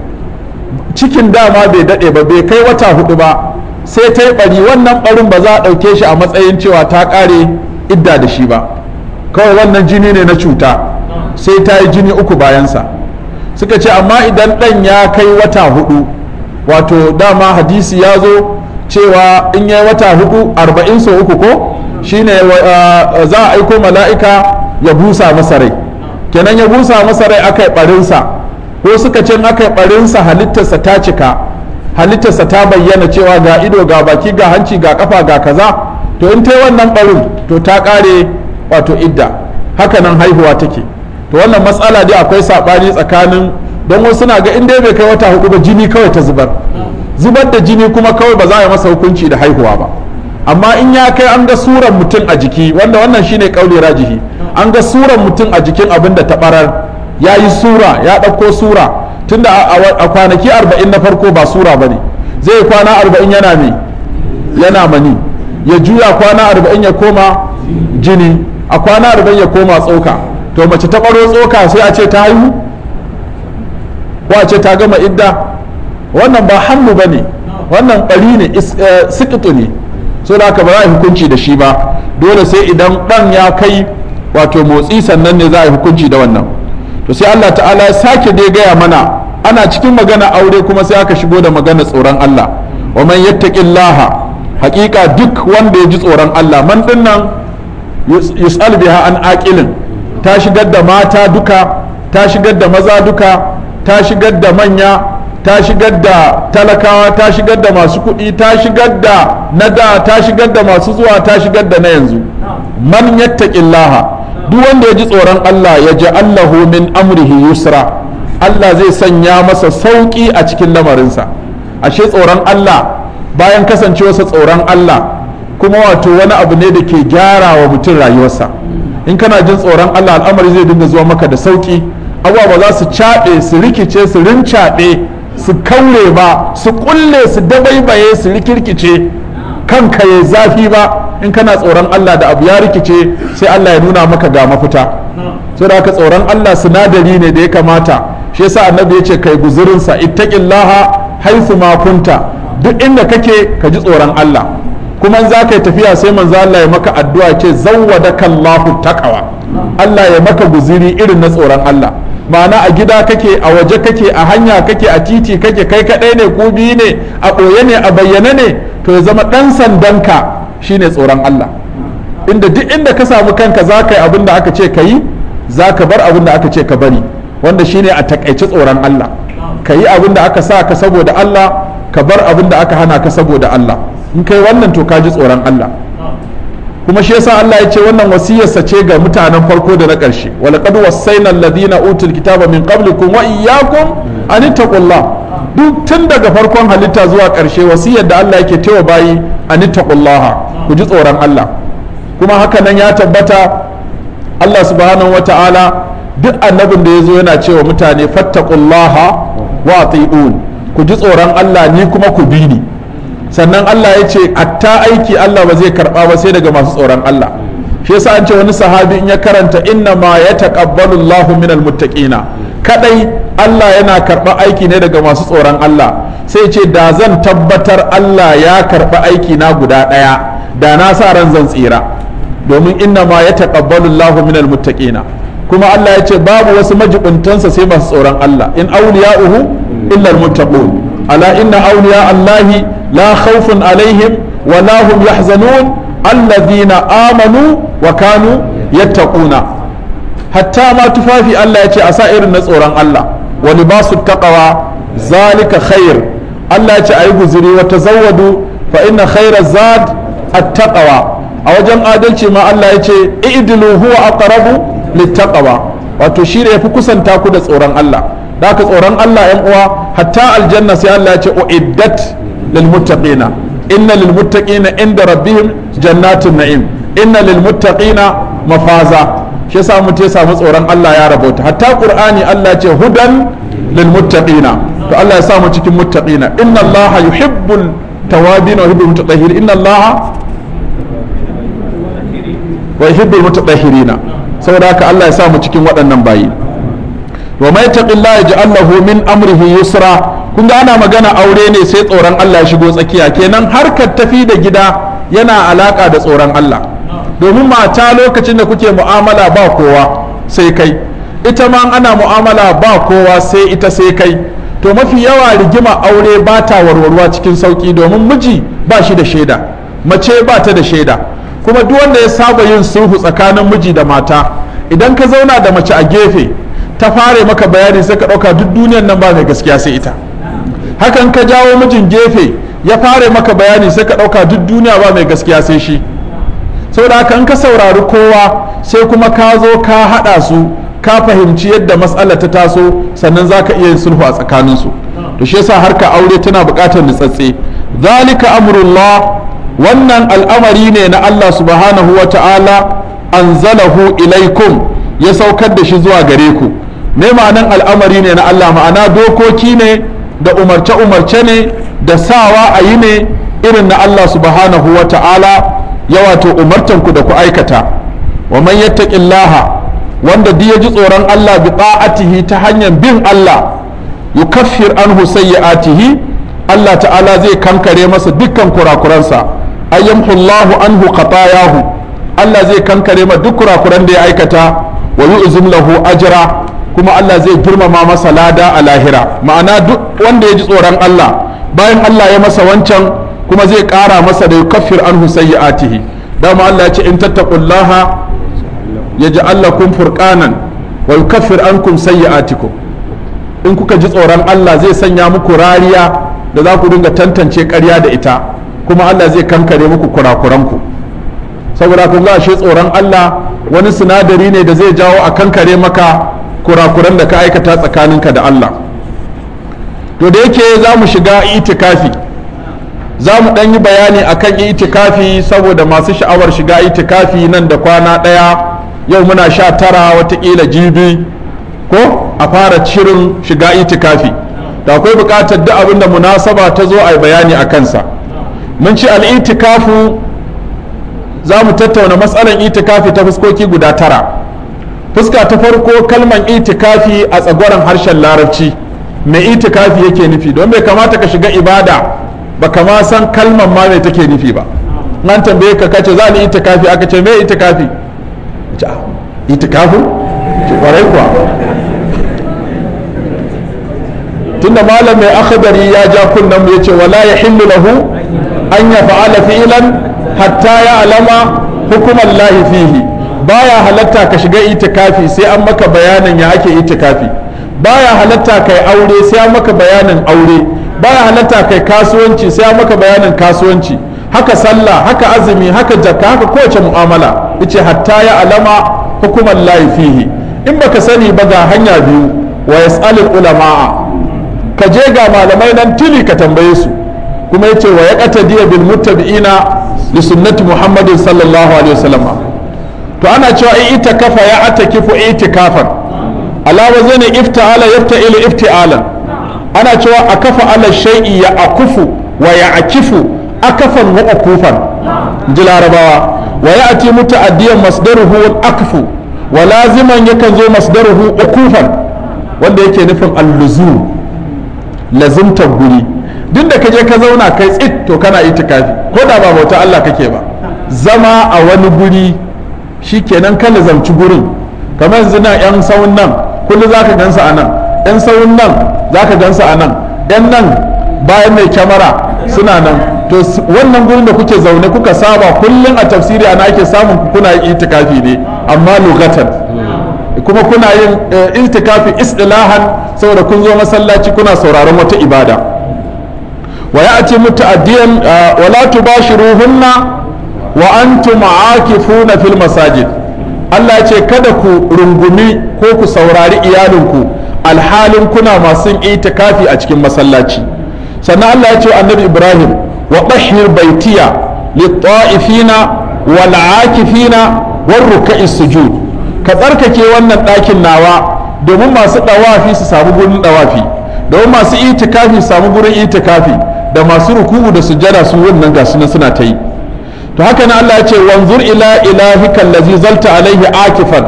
cikin dama bai daɗe ba bai kai wata hudu ba sai ta yi ɓari wannan ɓarin ba za a ɗauke shi a matsayin cewa ta ƙare idda da shi ba kawai wannan jini ne na cuta sai ta yi jini uku bayansa suka ce amma idan ɗan ya kai wata hudu wato dama hadisi ya zo cewa in ya yi wata hudu arba'in sau uku ko shine za a aiko mala'ika ya busa masa rai kenan ya busa masa rai aka yi ɓarinsa ko suka ce aka yi barinsa halittarsa ta cika halittarsa ta bayyana cewa ga ido ga baki ga hanci ga kafa ga kaza to in ta yi wannan barin to ta kare wato idda hakanan haihuwa take to wannan matsala dai akwai saɓani tsakanin don wasu na ga inda bai kai wata hudu ba jini kawai ta zubar zubar da jini kuma kawai ba za a yi masa hukunci da haihuwa ba amma in ya kai an ga suran mutum a jiki wanda wannan shine kauli rajihi an ga suran mutum a jikin abin da ta barar ya yi sura ya ɗauko sura tunda a kwanaki arba'in na farko ba sura ba ne zai kwana arba'in yana mai yana mani ya juya kwana arba'in ya koma jini a kwana arba'in ya koma tsoka to mace ta ɓaro tsoka sai a ce ta haihu ko a ce ta gama idda wannan ba hannu ba ne wannan ɓari ne eh, sikitu ne so da aka ba za a yi hukunci da shi ba dole sai idan ɗan ya kai wato motsi sannan ne za a yi hukunci da wannan to sai Allah ta'ala ya sake dai gaya mana ana cikin magana aure kuma sai aka shigo da magana tsoron Allah wa man yattaqillaha haƙiƙa duk wanda ya ji tsoron Allah man nan yus'al biha an aqilin ta shigar da mata duka ta shigar da maza duka ta shigar da manya ta shigar da talakawa ta shigar da masu kuɗi ta shigar da na ta shigar da masu zuwa ta shigar da na yanzu man yattaqillaha duk wanda ya ji tsoron Allah ya ji Allahu min amrihi yusra Allah zai sanya masa sauƙi a cikin lamarinsa ashe tsoron Allah bayan kasancewarsa tsoron Allah kuma wato wani abu ne da ke gyara wa mutum rayuwarsa in kana jin tsoron Allah al'amari zai dinga zuwa maka da sauƙi ba za su caɓe su rikice su rincaɓe su kaure ba su ƙulle su dabaibaye su rikirkice kanka ya zafi ba in kana tsoron Allah da abu ya rikice sai Allah ya nuna maka ga mafita sai da tsoron Allah sinadari ne da ya kamata shi yasa annabi ya ce kai guzurin sa ittaqillaha haythu ma duk inda kake ka ji tsoron Allah kuma za ka yi tafiya sai manzo Allah ya maka addu'a ce zawwadakallahu taqwa Allah ya maka guziri irin na tsoron Allah ma'ana a gida kake a waje kake a hanya kake a titi kake kai kadai ne ko biyu ne a ɓoye ne a bayyane ne to ya zama ɗan sandanka shine tsoron Allah inda duk inda ka samu kanka za ka yi abin da aka ce ka yi za ka bar abin da aka ce ka bari wanda shine a takaici tsoron Allah ka yi abin da aka sa ka saboda Allah ka bar abin da aka hana ka saboda Allah in kai wannan to ka ji tsoron Allah kuma shi yasa Allah ya ce wannan wasiyarsa ce ga mutanen farko da na ƙarshe walaqad wasayna alladhina utul kitaba min qablikum wa iyyakum an taqullah duk tun daga farkon halitta zuwa ƙarshe wasiyar da Allah yake tewa bayi an taqullah ku ji tsoron Allah kuma haka nan ya tabbata Allah subhanahu wa ta'ala duk annabin da ya zo yana cewa mutane fattakullaha wa ta'idun ku ji tsoron Allah ni kuma ku bi ni sannan Allah ya ce atta aiki Allah ba zai karba ba sai daga masu tsoron Allah shi yasa an ce wani sahabi in ya karanta inna ma ya taqabbalu Allahu minal muttaqina kadai Allah yana karba aiki ne daga masu tsoron Allah sai ce da zan tabbatar Allah ya karba aiki na guda daya da na sa ran zan tsira domin inna ma ya taqabbalu Allahu minal muttaqina kuma Allah ya ce babu wasu majibuntansa sai masu tsoron Allah in awliya'uhu illa almuttaqun ala inna awliya Allahi la khawfun alaihim wa la hum yahzanun alladhina amanu wa kanu yattaquna hatta ma tufafi Allah ya ce a sa irin na tsoron Allah wa libasu taqwa zalika khair Allah ya ce ayi guzuri wa tazawwadu fa inna khaira zad attaqawa a wajen adalci ma Allah ya ce i'dilu huwa aqrabu littaqawa wato shi ne yafi kusanta ku da tsoron Allah da ka tsoron Allah yan uwa hatta aljanna sai Allah ya ce uiddat lil inna lil inda rabbihim jannatun na'im inna lil mafaza shi yasa mutum ya samu tsoron Allah ya rabauta hatta qur'ani Allah ce hudan lil to Allah ya samu cikin muttaqina inna Allah yuhibbul tawabin wa yuhibbul mutatahhirin inna Allah wa yuhibbul mutatahhirina saboda haka Allah ya sa mu cikin waɗannan bayi wa mai taqillaha yaj'al lahu min amrihi yusra kun ga ana magana aure ne sai tsoron Allah ya shigo tsakiya kenan harkar tafi da gida yana alaka da tsoron Allah domin mata lokacin da kuke mu'amala ba kowa sai kai ita ma ana mu'amala ba kowa sai ita sai kai to mafi yawa rigima aure ba ta warwarwa cikin sauki domin miji ba shi da shaida mace ba ta da shaida kuma duk wanda ya saba yin sulhu tsakanin miji da mata idan ka zauna da mace a gefe ta fara maka bayani sai ka ɗauka duk duniyan nan ba mai gaskiya sai ita hakan ka jawo mijin gefe ya fara maka bayani sai ka ɗauka duk duniya ba mai gaskiya sai shi saboda haka in ka saurari kowa sai kuma ka zo ka haɗa su ka fahimci yadda matsala ta taso sannan za ka iya yin sulhu a tsakaninsu to shi yasa harka aure tana buƙatar nitsatse zalika amrullah wannan al'amari ne na Allah subhanahu wa ta'ala anzalahu ilaikum ya saukar da shi zuwa gare ku me ma'anan al'amari ne na Allah ma'ana dokoki ne da umarce-umarce ne da sawa a yi ne irin na Allah subhanahu wa ta'ala ya wato umartanku da ku aikata wa man yattaqillaha wanda duk ya ji tsoron Allah bi ta'atihi ta hanyar bin Allah yukaffir anhu sayyi'atihi Allah ta'ala zai kankare masa dukkan kurakuransa Allahu anhu khatayahu Allah zai kankare ma duk kurakuran da ya aikata wa yu'zim lahu ajra kuma Allah zai girmama masa lada a lahira ma'ana duk wanda ya ji tsoron Allah bayan Allah ya masa wancan kuma zai kara masa da yukaffir anhu sayyi'atihi dama Allah ya ce in tattaqullaha yaj'al lakum kafir wa kun sanya atiku in kuka ji tsoron Allah zai sanya muku rariya da za ku dinga tantance karya da ita kuma Allah zai kankare muku kurakuranku saboda kun ga shi tsoron Allah wani sinadari ne da zai jawo a kankare maka kurakuran da ka aikata tsakaninka da Allah to da yake za mu shiga itikafi za mu ɗan yi bayani akan itikafi saboda masu sha'awar shiga itikafi nan da kwana ɗaya yau muna sha tara watakila jibi ko a fara cirin shiga itikafi da akwai bukatar duk abin da munasaba ta zo a bayani a kansa mun ci al'itikafu za mu tattauna matsalar itikafi ta fuskoki guda tara fuska ta farko kalmar itikafi a tsagoran harshen larabci mai itikafi yake nufi don bai kamata ka shiga ibada ba kama san kalmar ma mai take nufi ba nan tambaye ka kace za ni itikafi aka ce me itikafi kwarai kuwa tunda malam mai akhdari ya ja kunnan mu ce wala yahillu lahu an yaf'ala fiilan hatta ya alama hukumar Allah fihi baya halatta ka shiga itikafi sai an maka bayanin ya ake itikafi baya halatta kai aure sai an maka bayanin aure baya halatta kai kasuwanci sai an maka bayanin kasuwanci haka sallah haka azumi haka jaka haka kowace mu'amala yace hatta ya alama hukuman layi in baka sani ba ga hanya biyu wa yas'alul ulama'a ka je ga malamai nan tuli ka tambaye su kuma yace wa diya bil muttabi'ina li sunnati muhammadin sallallahu alaihi wasallam to ana cewa in ita kafa ya atakifu itikafan alawa zane ifta'ala yafta'ilu ifti'alan ana cewa a kafa ala shay'i ya akufu wa ya akifu akafan wa ukufan ji larabawa wa ya ati masu masdaruhu wal akfu wa laziman yakan zo masdaruhu ukufan wanda yake nufin alluzum lazimtar guri duk da ka je ka zauna kai tsit to kana itikafi ko da ba bauta Allah kake ba zama a wani guri shi shikenan ka lazamci gurin kamar yanzu nan yan saun nan kullu zaka gansa a nan yan saun nan zaka gansa a nan yan nan bayan mai kyamara suna nan to wannan gurin da kuke zaune kuka saba kullum a tafsiri ana ake samun kuna yin itikafi ne amma lugatan kuma kuna yin eh, itikafi istilahan saboda kun zo masallaci kuna sauraron wata ibada wa ba shi eh, wa la tubashiruhunna wa antum aakifuna fil masajid Allah ce kada ku rungumi ko ku saurari iyalinku alhalin kuna masu itikafi a cikin masallaci sannan Allah ya ce annabi Ibrahim wa bashir baitiya lit-ta'ifina wal-aakifina war-ruk'i sujud ka tsarkake wannan ɗakin nawa domin masu ɗawafi su samu gurin ɗawafi domin masu itikafi su samu gurin itikafi da masu ruku'u da sujjada su wannan ga sunan suna ta yi to haka na Allah ya ce wanzur ila ilahika allazi zalta alaihi akifan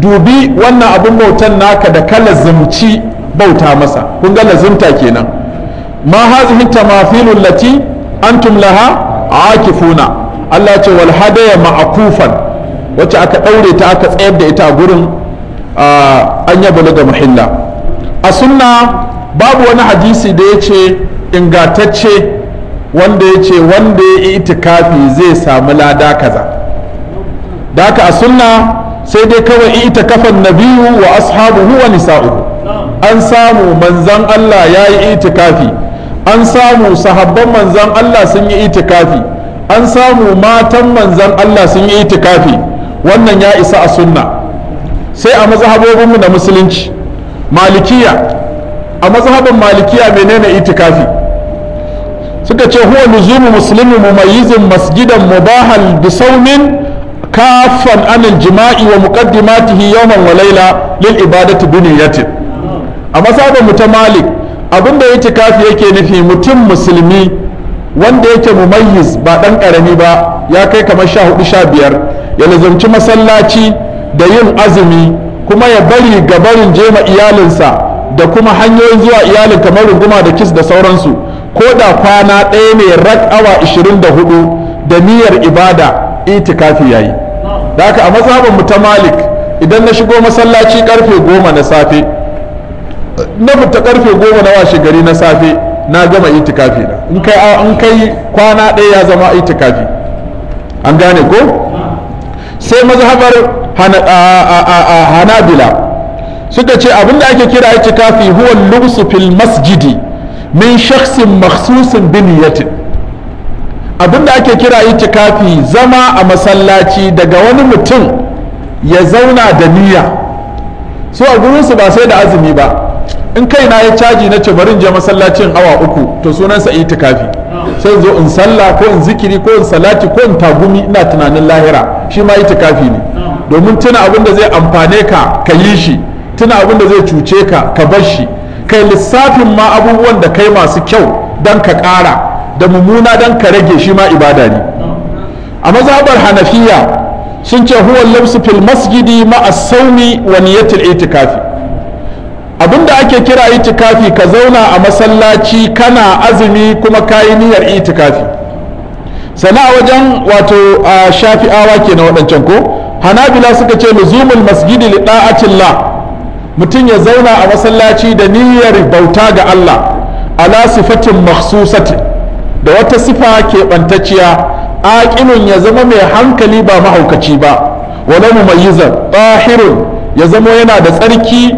dubi wannan abun bautan naka da ka lazumci bauta masa kun ga lazumta kenan ma hazihi antum laha akifuna Allah ce wal hadaya ma'akufan wacce aka daure ta aka tsayar da ita a gurin an ya balaga muhilla a sunna babu wani hadisi da ya ce ingatacce wanda ya ce wanda ya itikafi zai samu lada kaza da haka a sunna sai dai kawai ita itikafan nabiyu wa ashabu wa nisa'u an samu manzan Allah ya yi itikafi an samu sahabban manzan Allah sun yi itikafi an samu matan manzan Allah sun yi itikafi wannan ya isa a sunna sai a mazhabobinmu na musulunci malikiya a mazhabin malikiya menene itikafi suka ce huwa nuzumu muslimin mumayyizin masjidan mubahal bi saumin kafan anil jima'i wa muqaddimatihi yawman wa layla lil ibadati buniyatin a mazhabin mu ta malik abin da itikafi yake nufi mutum musulmi wanda yake mumayyiz ba ɗan karami ba ya kai kamar sha hudu sha biyar ya lazumci masallaci da yin azumi kuma ya bari gabarin jema iyalinsa da kuma hanyoyin zuwa iyalin kamar runguma da kis da sauransu ko da kwana ɗaya ne rak awa 24 da niyyar ibada itikafi yayi da haka a mazhabin mu ta malik idan na shigo masallaci karfe goma na safe na fita karfe goma na washe gari na safe na gama itikafi na in kai in kai kwana ɗaya ya zama itikafi an gane ko sai mazhabar hanabila suka ce abinda ake kira itikafi huwan lubsu fil masjidi min shakhsin makhsusin bin yatin abinda ake kira itikafi zama a masallaci daga wani mutum ya zauna da niyya su a gurinsu ba sai da azumi ba in kai na ya caji na ce in je masallacin awa uku to sunansa itikafi sai zo in sallah ko in zikiri ko in salati ko in tagumi ina tunanin lahira shi ma itikafi ne domin tuna abin da zai amfane ka ka yi shi tuna abin da zai cuce ka ka bar shi kai lissafin ma abubuwan da kai masu kyau dan ka kara da mummuna dan ka rage shi ma ibada ne a mazhabar hanafiya sun ce huwa lamsu fil masjidi as-sawmi wa niyyatul itikafi abinda ake kira itikafi ka zauna a masallaci kana azumi kuma kayi niyyar itikafi sana a wajen wato a awa ke na waɗancan ko hanabila suka ce luzumul masjidi li da'atillah mutum ya zauna a masallaci da niyyar bauta ga Allah ala sifatin mahsusati da wata sifa keɓantacciya aƙilun ya zama mai hankali ba mahaukaci ba wala mumayyizan tahirun ya zama yana da tsarki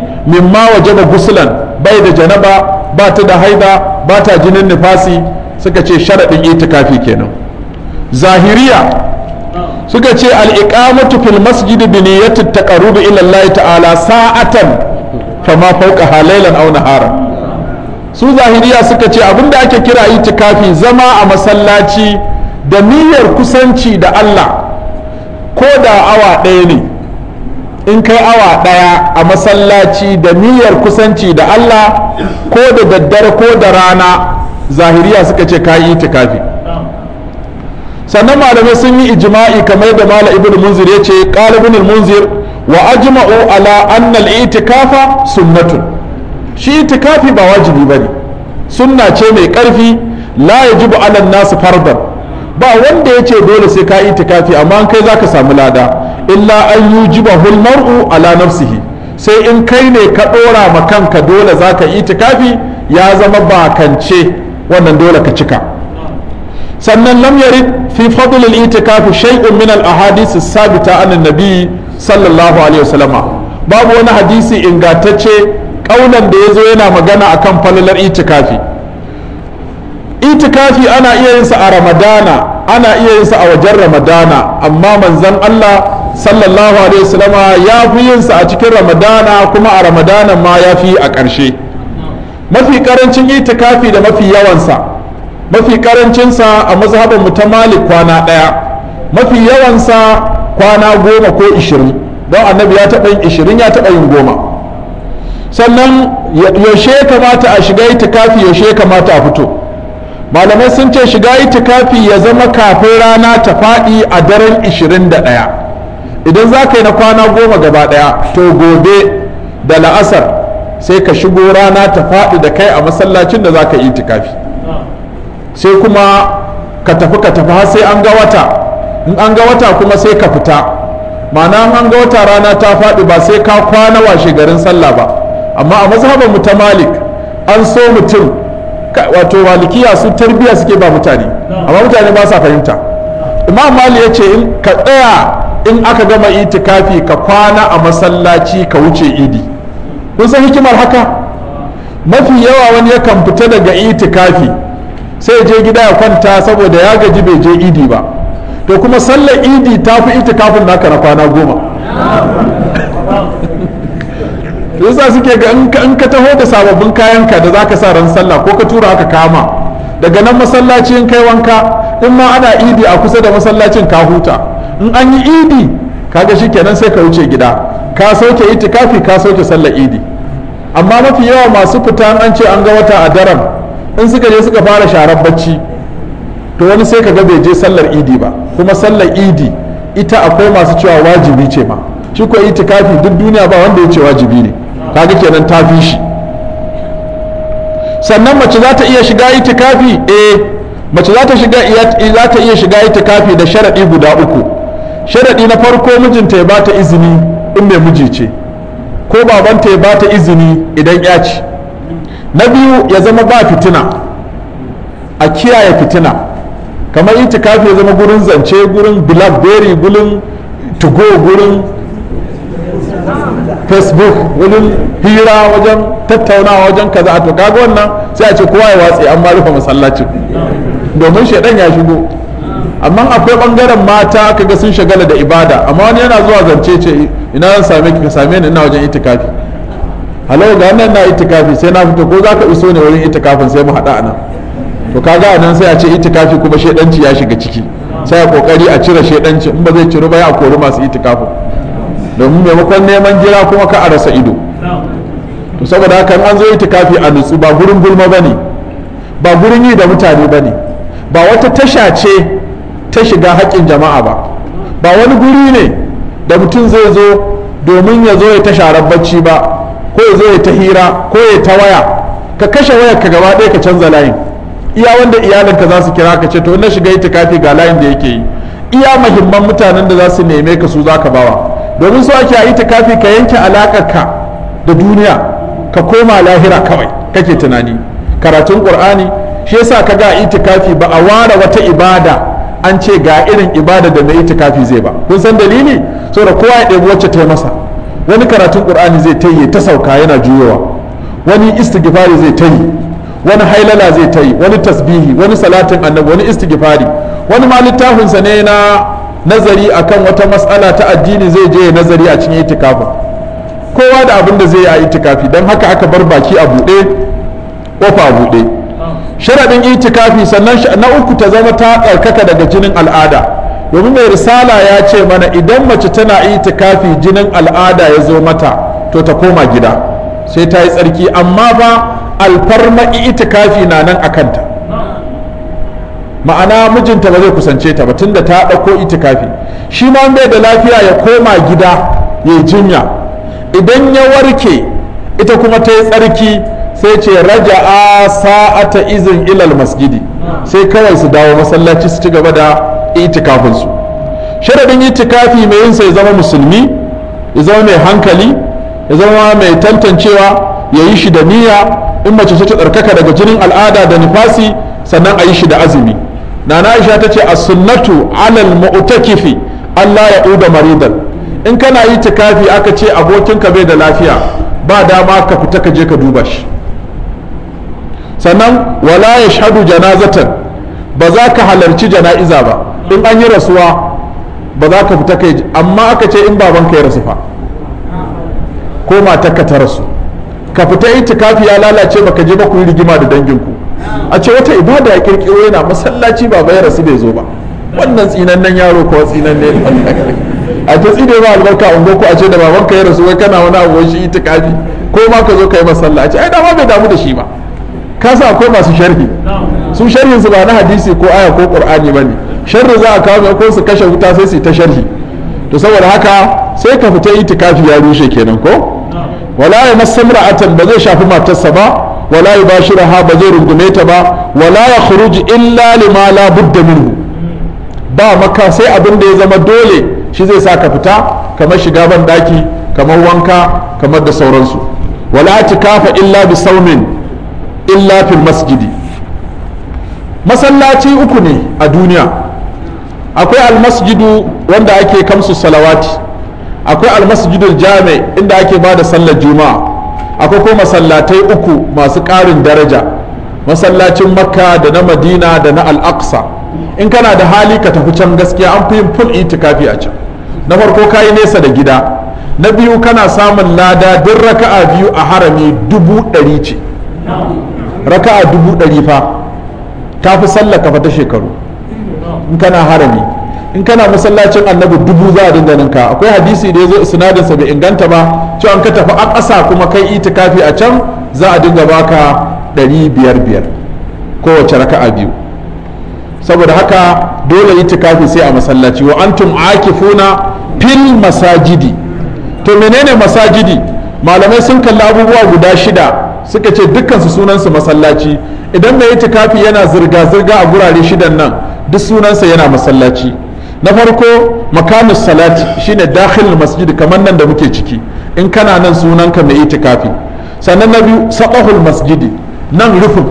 waje ba gusulan bai da janaba ba ta da haida ba ta jinin nifasi suka ce sharaɗin itikafi kenan zahiriya suka ce al’iƙamatu fil masjid bi niyyati taqarrubi ila Allah ta'ala sa'atan fama fawqa halailan aw naharan su zahiriya suka ce abin da ake kira itikafi zama a masallaci da niyyar kusanci da Allah ko da awa ɗaya ne in kai awa ɗaya a masallaci da niyyar kusanci da Allah ko da daddare ko da rana zahiriya suka ce ka yi itikafi sannan malamai sun yi ijma'i kamar da mala ibn munzir ya ce qala munzir wa ajma'u ala anna al-itikafa sunnatun shi itikafi ba wajibi bane sunna ce mai karfi la yajibu ala nasu nasu fardan ba wanda ya ce dole sai ka itikafi amma kai zaka samu lada illa an yujiba hulmar'u ala nafsihi sai in kai ne ka ɗora ma kanka dole za ka itikafi ya zama bakance wannan dole ka cika sannan lam yarid fi fadlil itikafi shay'un min al ahadith sabita an nabi sallallahu alaihi wasallam babu wani hadisi ingantacce kaunan da yazo yana magana akan falalar itikafi itikafi ana iya yin sa a ramadana ana iya yin sa a wajen ramadana amma manzon Allah sallallahu alaihi wasallama ya fi yin sa a cikin ramadana kuma a ramadana ma ya fi a ƙarshe mafi karancin itikafi da mafi yawansa mafi sa a mazhabin mu ta malik kwana ɗaya mafi yawansa kwana goma ko ishirin don annabi ya taɓa yin ishirin ya taɓa yin goma sannan yaushe kamata a shiga itikafi yaushe kamata a fito malamai sun ce shiga itikafi ya zama kafin rana ta faɗi a daren 21 idan za ka yi na kwana goma gaba daya to gobe da la'asar sai ka shigo rana ta faɗi da kai a masallacin da za ka yi tikafi sai kuma ka tafi ka tafi har sai an ga wata in an ga wata kuma sai ka fita ma'ana an ga wata rana ta faɗi ba sai ka kwana washe garin sallah ba amma a mazhaban mu ta malik an so mutum wato malikiya su tarbiya suke ba mutane amma mutane ba sa fahimta imam mali ya ce in ka tsaya in aka gama itikafi ka kwana a masallaci ka wuce idi kun san hikimar haka mafi yawa wani ya kan fita daga itikafi sai je gida ya kwanta saboda ya gaji bai je idi ba to kuma sallar idi ta fi itikafin naka na kwana goma yasa suke ga in ka taho da sababbin kayanka da zaka sa ran sallah ko ka tura aka kama daga nan masallaci in kai wanka in ma ana idi a kusa da masallacin ka huta in an yi idi kaga shi kenan sai ka wuce gida ka sauke itikafi ka sauke sallar idi amma mafi yawa masu fita an ce an ga wata a daren in suka je suka fara sharar bacci to wani sai ka ga bai je sallar idi ba kuma sallar idi ita akwai masu cewa wajibi ce ma shi ko itikafi duk duniya ba wanda ya ce wajibi ne kaga kenan ta fi shi sannan mace za ta iya shiga itikafi eh mace za ta shiga za ta iya shiga itikafi da sharadi guda uku sharaɗi na farko mijinta ya ba ta izini in mai miji ce ko babanta ya ba ta izini idan ya ce na biyu ya zama ba fitina a kiyaye fitina kamar itikafi ya zama gurin zance gurin blackberry gurin tugo gurin facebook gurin hira wajen tattaunawa wajen kaza a kaga wannan sai a ce kowa ya watse an ma rufe masallacin domin shaidan ya shigo amma akwai bangaren mata kaga sun shagala da ibada amma wani yana zuwa zance ce ina zan same ka same ni ina wajen itikafi halau ga nan na itikafi sai na fito ko zaka iso ne wurin itikafin sai mu hada nan to kaga anan sai a ce itikafi kuma shedanci ya shiga ciki sai a kokari a cire shedanci in ba zai ciro ba ya kori masu itikafin domin maimakon neman jira kuma ka a rasa ido to saboda haka an zo itikafi a nutsu ba gurin gulma bane ba gurin yi da mutane bane ba wata tasha ce ta shiga haƙƙin jama'a ba ba wani guri ne da mutum zai zo domin ya zo ya ta sharar bacci ba ko ya zo ya ta hira ko ya ta waya ka kashe wayar ka gaba ɗaya ka canza layin iya wanda iyalinka za su kira ka ce to na shiga ita kafi ga layin da yake yi iya mahimman mutanen da za su neme ka su za ka bawa domin su ake yi kafi ka yanke ka da duniya ka koma lahira kawai kake tunani karatun ƙur'ani shi yasa ka ga itikafi ba a ware wata ibada an ce ga irin ibada da na yi tikafi zai ba kun san dalili saboda kowa ya ɗebi wacce ta yi masa wani karatun ƙur'ani zai ta yi ta sauka yana juyowa wani istighfari zai ta yi wani hailala zai ta yi wani tasbihi wani salatin annabi wani istighfari wani ma littafinsa ne na nazari akan wata mas'ala ta addini zai je nazari a cikin itikafin kowa da abin da zai yi a itikafi don haka aka bar baki a buɗe kofa a buɗe sharaɗin itikafi sannan na uku ta zama ta tsarkaka daga jinin al'ada domin mai risala ya ce mana idan mace tana itikafi jinin al'ada ya zo mata to ta koma gida sai ta yi tsarki amma ba alfarma itikafi na nan a kanta ma'ana mijinta ba zai kusance ta ba tunda ta ɗauko itikafi shi ma bai da lafiya ya koma gida ya jinya idan ya warke ita kuma ta yi tsarki sai ce raja'a sa'ata izin ilal masjidi sai kawai su dawo masallaci su ci gaba da itikafin su sharadin itikafi mai yin sai zama musulmi ya zama mai hankali ya zama mai tantancewa ya yi shi da niyya in mace su ta tsarkaka daga jinin al'ada da nifasi sannan a yi shi da azumi nana aisha ta ce as-sunnatu 'alal mu'takifi Allah ya uda maridan in kana yi tikafi aka ce abokinka bai da lafiya ba dama ka fita ka je ka duba shi sannan wala ya shaɗu janazatan ba za ka halarci jana'iza ba in an yi rasuwa ba za ka fita kai amma aka ce in baban ka ya rasu fa ko ka ta rasu ka fita itikafi ya lalace baka je ba yi rigima da danginku a ce wata ibada ya kirkiro yana masallaci baba ya rasu bai zo ba wannan tsinannen yaro ko tsinanne a ta tsine ba albarka a ku a ce da babanka ya rasu wai kana wani abu shi itikafi ko ma ka zo ka yi masallaci ai dama bai damu da shi ba kasa akwai masu sharhi su sharhin su ba na hadisi ko aya ko qur'ani bane sharri za a kawo ko su kashe wuta sai su ta sharhi to saboda haka sai ka fita itikafi ya rushe kenan ko wala ya masamra atan ba zai shafi matarsa ba wala ya bashiraha ba zai rungume ta ba wala ya khuruj illa lima la budda minhu ba maka sai abin da ya zama dole shi zai sa ka fita kamar shiga ban daki kamar wanka kamar da sauransu wala tikafa illa bi saumin illa masjidi masallaci uku ne a duniya akwai almasjidu wanda ake kamsu salawati akwai almasjidul jami inda ake ba da sallar juma'a akwai kuma masallatai uku masu ƙarin daraja masallacin makka da na madina da na al'aqsa in kana da hali ka tafi can gaskiya an fi yin full itikafi a can na farko kayi nesa da gida na biyu kana samun lada duk raka'a biyu a harami dubu ɗari ce raka'a dubu ɗari fa ta fi sallar ka ta shekaru in kana harami in kana masallacin annabi dubu za a dinga ninka akwai hadisi da ya zo sinadinsa bai inganta ba cewa an ka tafi a ƙasa kuma kai itikafi a can za a dinga baka ɗari biyar biyar kowace raka'a biyu saboda haka dole itikafi sai a masallaci wa antum akifuna fil masajidi to menene masajidi malamai sun kalli abubuwa guda shida suka ce dukkansu sunansu masallaci idan mai kafi yana zirga-zirga a gurare shidan nan duk sunansa yana masallaci na farko makamus salati shine dakhil masjid kamar nan da muke ciki in kana nan sunanka mai itikafi sannan na biyu saqahul masjid nan rufin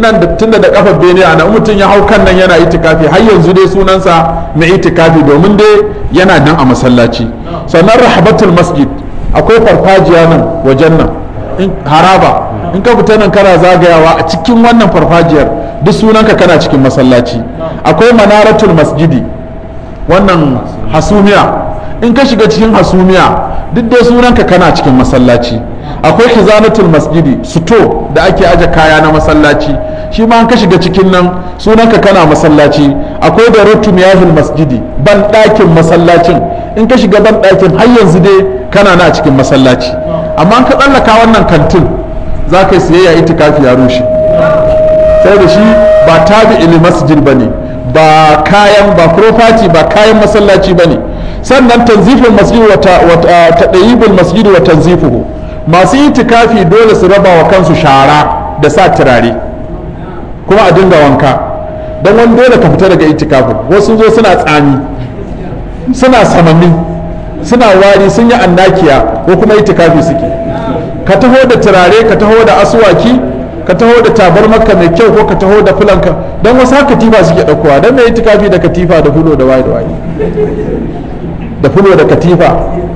nan da tunda da kafa bene ana mutum ya hau kan nan yana itikafi har yanzu dai sunansa mai itikafi domin dai yana nan a masallaci sannan rahabatul masjid akwai farfajiya nan wajen nan haraba in ka fita nan kana zagayawa a cikin wannan farfajiyar duk sunanka kana cikin masallaci akwai manaratul masjidi wannan hasumiya in ka shiga cikin hasumiya duk da sunanka kana cikin masallaci akwai khizanatul masjidi suto da ake aje kaya na masallaci shi ma an ka shiga cikin nan sunanka kana masallaci akwai da rutum yahil masjidi ban dakin masallacin in ka shiga ban dakin har yanzu dai kana na cikin masallaci amma ka tsallaka wannan kantin za ka yi siyayya itikafi ya rushe sai da shi ba tabi ili masjid ba ne ba kayan ba kurofati ba kayan masallaci ba ne sannan tanzifin masjid wa taɗayibin masjid wa tanzifuhu masu itikafi dole su raba wa kansu shara da sa turare kuma a dinga wanka don wani dole ka fita daga itikafin wasu zo suna tsami suna samanni suna wari sun yi annakiya ko kuma itikafi suke ka taho da turare ka taho da asuwaki ka taho da tabarmarka mai kyau ko ka taho da fulanka don wasu haka katifa suke ɗaukowa don mai itikafi da katifa da fulo da waye da waye da fulo da katifa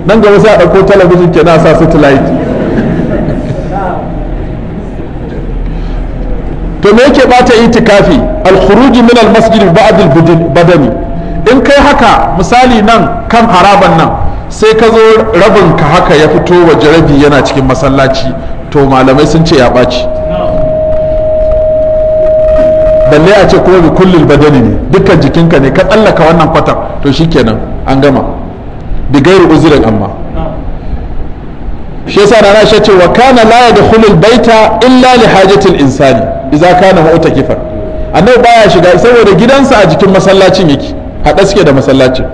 nan gaba wasu a ɗauko talabijin ke na sa satellite to me yake bata itikafi al khuruji min al-masjid ba'd al-badani in kai haka misali nan kan haraban nan sai ka zo rabin ka haka ya fito waje rabi yana cikin masallaci to malamai sun ce ya ɓaci balle a ce kuma bi kullul badani ne dukkan jikinka ne ka tsallaka wannan kwatar to shikenan an gama bi gairu uzurin amma shi yasa na rashe ce wa kana da hulun baita illa li hajatil insani idza kana mu'takifan annabi baya shiga saboda gidansa a jikin masallacin yake hada suke da masallacin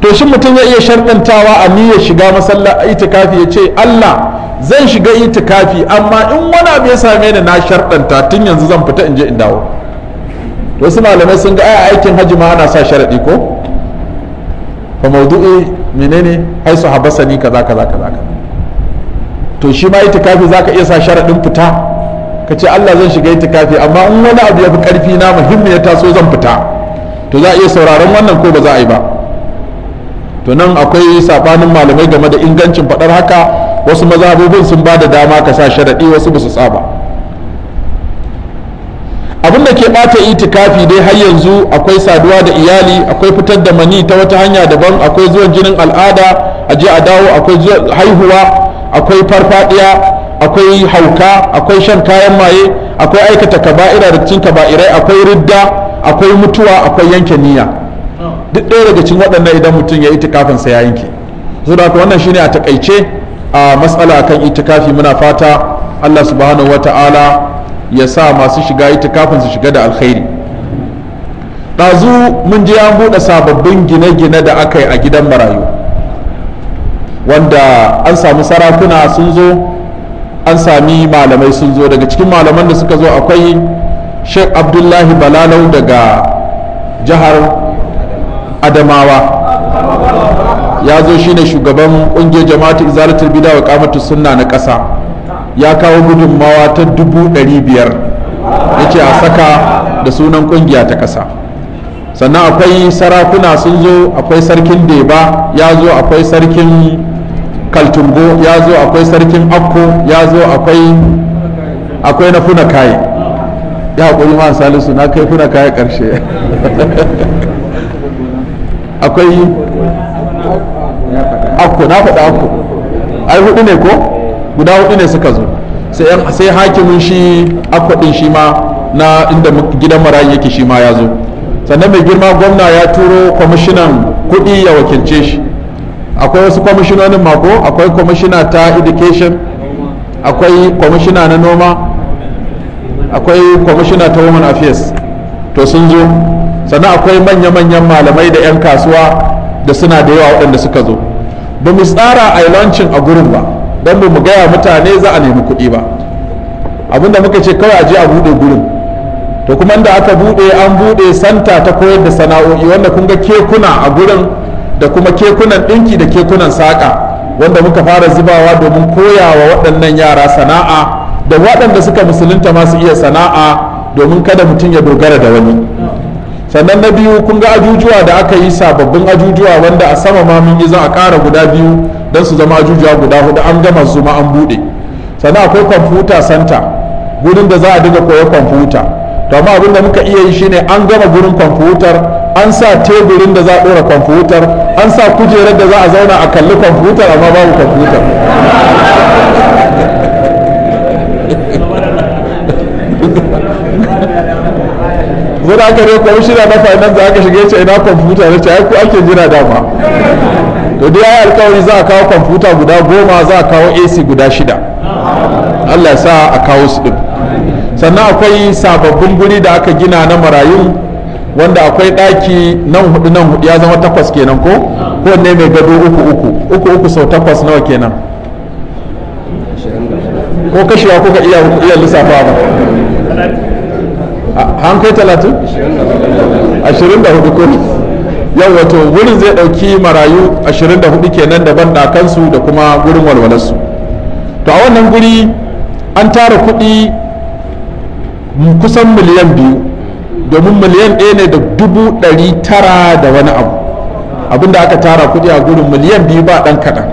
to shi mutum ya iya sharɗantawa a niyyar shiga masallaci itikafi ya ce Allah zan shiga itikafi amma in wani abu ya same ni na sharɗanta tun yanzu zan fita in je in dawo to wasu malamai sun ga a aikin haji ma ana sa sharaɗi ko fa mawdu'i menene ai su habasani kaza kaza kaza to shi ma itikafi zaka iya sa sharaɗin fita ka ce Allah zan shiga itikafi amma in wani abu ya fi karfi na muhimmi ya taso zan fita to za a iya sauraron wannan ko ba za a yi ba to nan akwai sabanin malamai game da ingancin faɗar haka wasu mazhabobin sun ba da dama ka sa sharaɗi wasu ba su saba abin da ke ɓata itikafi dai har yanzu akwai saduwa da iyali akwai fitar da mani ta wata hanya daban akwai zuwan jinin al'ada a je a dawo akwai haihuwa akwai farfadiya akwai hauka akwai shan kayan maye akwai aikata kaba'ira da cin kaba'irai akwai ridda akwai mutuwa akwai yanke niyya duk ɗaya daga cikin waɗannan idan mutum ya itikafin sa ya yanke saboda haka wannan shine a takaice a matsala kan itikafi muna fata Allah subhanahu wata'ala ya sa masu shiga itikafin su shiga da alkhairi ɗazu mun je an buɗe sababbin gine-gine da aka yi a gidan marayu wanda an sami sarakuna sun zo an sami malamai sun zo daga cikin malaman da suka zo akwai sheikh abdullahi balalau daga jihar adamawa ya zo shi ne shugaban ƙungiyar jama'atu izalatul bida wa kamatu sunna na ƙasa ya kawo gudunmawa ta dubu ɗari biyar ya ce a saka da sunan ƙungiya ta ƙasa sannan akwai sarakuna sun zo akwai sarkin deba ya zo akwai sarkin kaltungo ya zo akwai sarkin akko ya zo akwai na funa kaye ya haƙuri ma salisu na kai funa kaye ƙarshe akwai akko na faɗa akko ai hudu ne ko guda hudu ne suka zo sai hakimin shi akko din shi ma na inda gidan marayi yake shi ma ya zo sannan mai girma gwamna ya turo kwamishinan kuɗi ya wakilce shi akwai wasu kwamishinonin mako akwai kwamishina ta education akwai kwamishina na noma akwai kwamishina ta women affairs to sun zo sannan akwai manya-manyan malamai da 'yan kasuwa da suna da yawa waɗanda suka zo ba mu tsara a launcin a gurin ba don ba mu gaya mutane za a nemi kuɗi ba abinda muka ce kawai a je a buɗe gurin to kuma da aka buɗe an buɗe santa ta koyar da sana'o'i wanda kun ga kekuna a gurin da kuma kekunan ɗinki da kekunan saƙa wanda muka fara zubawa domin koyawa waɗannan yara sana'a da waɗanda suka musulunta masu iya sana'a domin kada mutum ya dogara da wani sannan na biyu kun ga ajujuwa da aka yi sababbin ajujuwa wanda a sama ma mun yi za a ƙara guda biyu don su zama ajujuwa guda hudu an gama su ma an buɗe sannan akwai kwamfuta santa gurin da za a dinga koya kwamfuta to amma abin da muka iya yi shine an gama gurin kwamfutar an sa teburin da za a ɗora kwamfutar an sa kujerar da za a zauna a kalli kwamfutar amma babu kwamfutar zan aka ne shi na finance aka shiga ya ce ina kwamfuta na ce aiki ku ake jira dama to dai ya alkawari za a kawo kwamfuta guda goma za a kawo ac guda shida allah ya sa a kawo su din sannan akwai sababbin guri da aka gina na marayu wanda akwai ɗaki nan hudu nan hudu ya zama takwas kenan ko kowanne mai gado uku uku uku uku sau takwas nawa kenan ko kashewa ko ka iya lissafa ba an kai talatin ashirin da hudu kuri yau wato wurin zai ɗauki marayu ashirin da hudu kenan da ban da kuma gurin walwalarsu to a wannan guri an tara kuɗi kusan miliyan biyu domin miliyan ɗaya ne da dubu ɗari tara da wani abu abinda aka tara kuɗi a gurin miliyan biyu ba ɗan kaɗan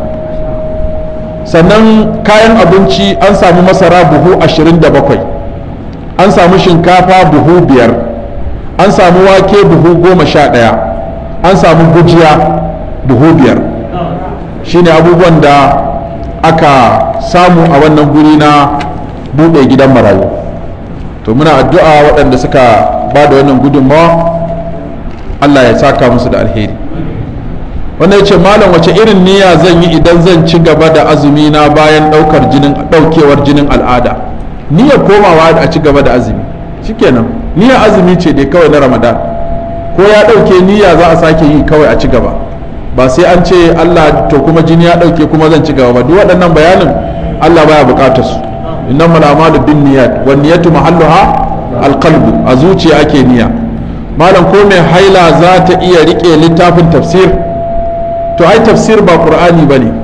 sannan kayan abinci an sami masara buhu ashirin da bakwai an samu shinkafa buhu biyar an samu wake buhu goma sha ɗaya an samu gujiya buhu biyar shine abubuwan da aka samu a wannan guri na buɗe gidan marayu to muna addu'a waɗanda suka ba da wannan gudunmawa allah ya saka musu da alheri wannan ya ce malam wace irin niyya zan yi idan zan ci gaba da azumi na bayan ɗaukewar jinin al'ada niyyar komawa a ci gaba da azumi shikenan niyyar azumi ce dai kawai na ramadan ko ya ɗauke niyya za a sake yi kawai a ci gaba ba sai an ce allah to kuma jini ya ɗauke kuma zan ci gaba ba duk waɗannan bayanin allah baya buƙatar su innama al'amalu bin niyyat wan niyyatu mahalluha alqalbu a zuciya ake niyya malam ko mai haila za ta iya rike littafin tafsir to ai tafsir ba qur'ani bane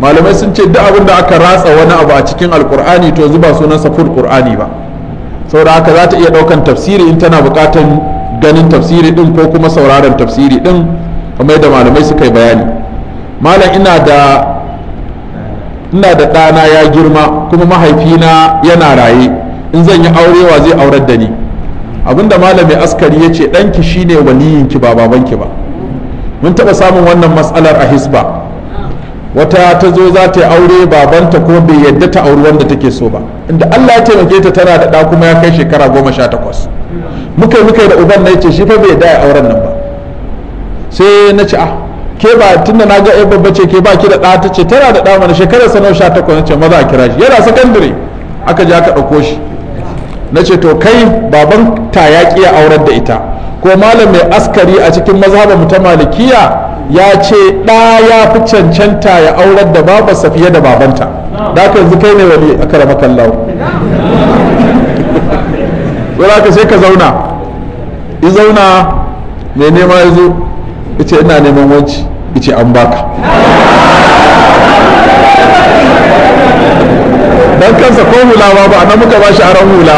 malamai sun ce duk abin da aka ratsa wani abu a cikin alkur'ani to zuba sunansa fur qur'ani ba saboda haka za ta iya ɗaukan tafsiri in tana buƙatan ganin tafsiri ɗin ko kuma sauraron tafsiri ɗin kamar da malamai suka yi bayani malam ina da ina da ɗana ya girma kuma mahaifina yana raye in zan yi aurewa zai aurar da ni abinda malamai askari ya ce ɗanki shine waliyinki ba babanki ba mun taɓa samun wannan matsalar a hisba wata ta zo za ta yi aure babanta ko bai yadda ta auri wanda take so ba inda Allah ya taimake ta tana da ɗa kuma ya kai shekara goma sha takwas muka yi muka yi da uban na ce shi fa bai da auren nan ba sai na ce ah ke ba tun da na ga babba ce ke ba ki da ɗa ta ce tana da ɗa mana shekarar nawa sha takwas na ce maza a kira shi yana sakandare aka je aka ɗauko shi na ce to kai baban ta ya auren da ita ko malam mai askari a cikin mu ta malikiya ya ce ɗa ya fi cancanta ya aurar da babarsa fiye da babanta da ka yanzu kai ne wani a karama kallawo za ka sai ka zauna ya zauna mai nema ya zo ce ina neman wanci ya ce an baka dan kansa ko hula ba ba nan muka ba shi aran hula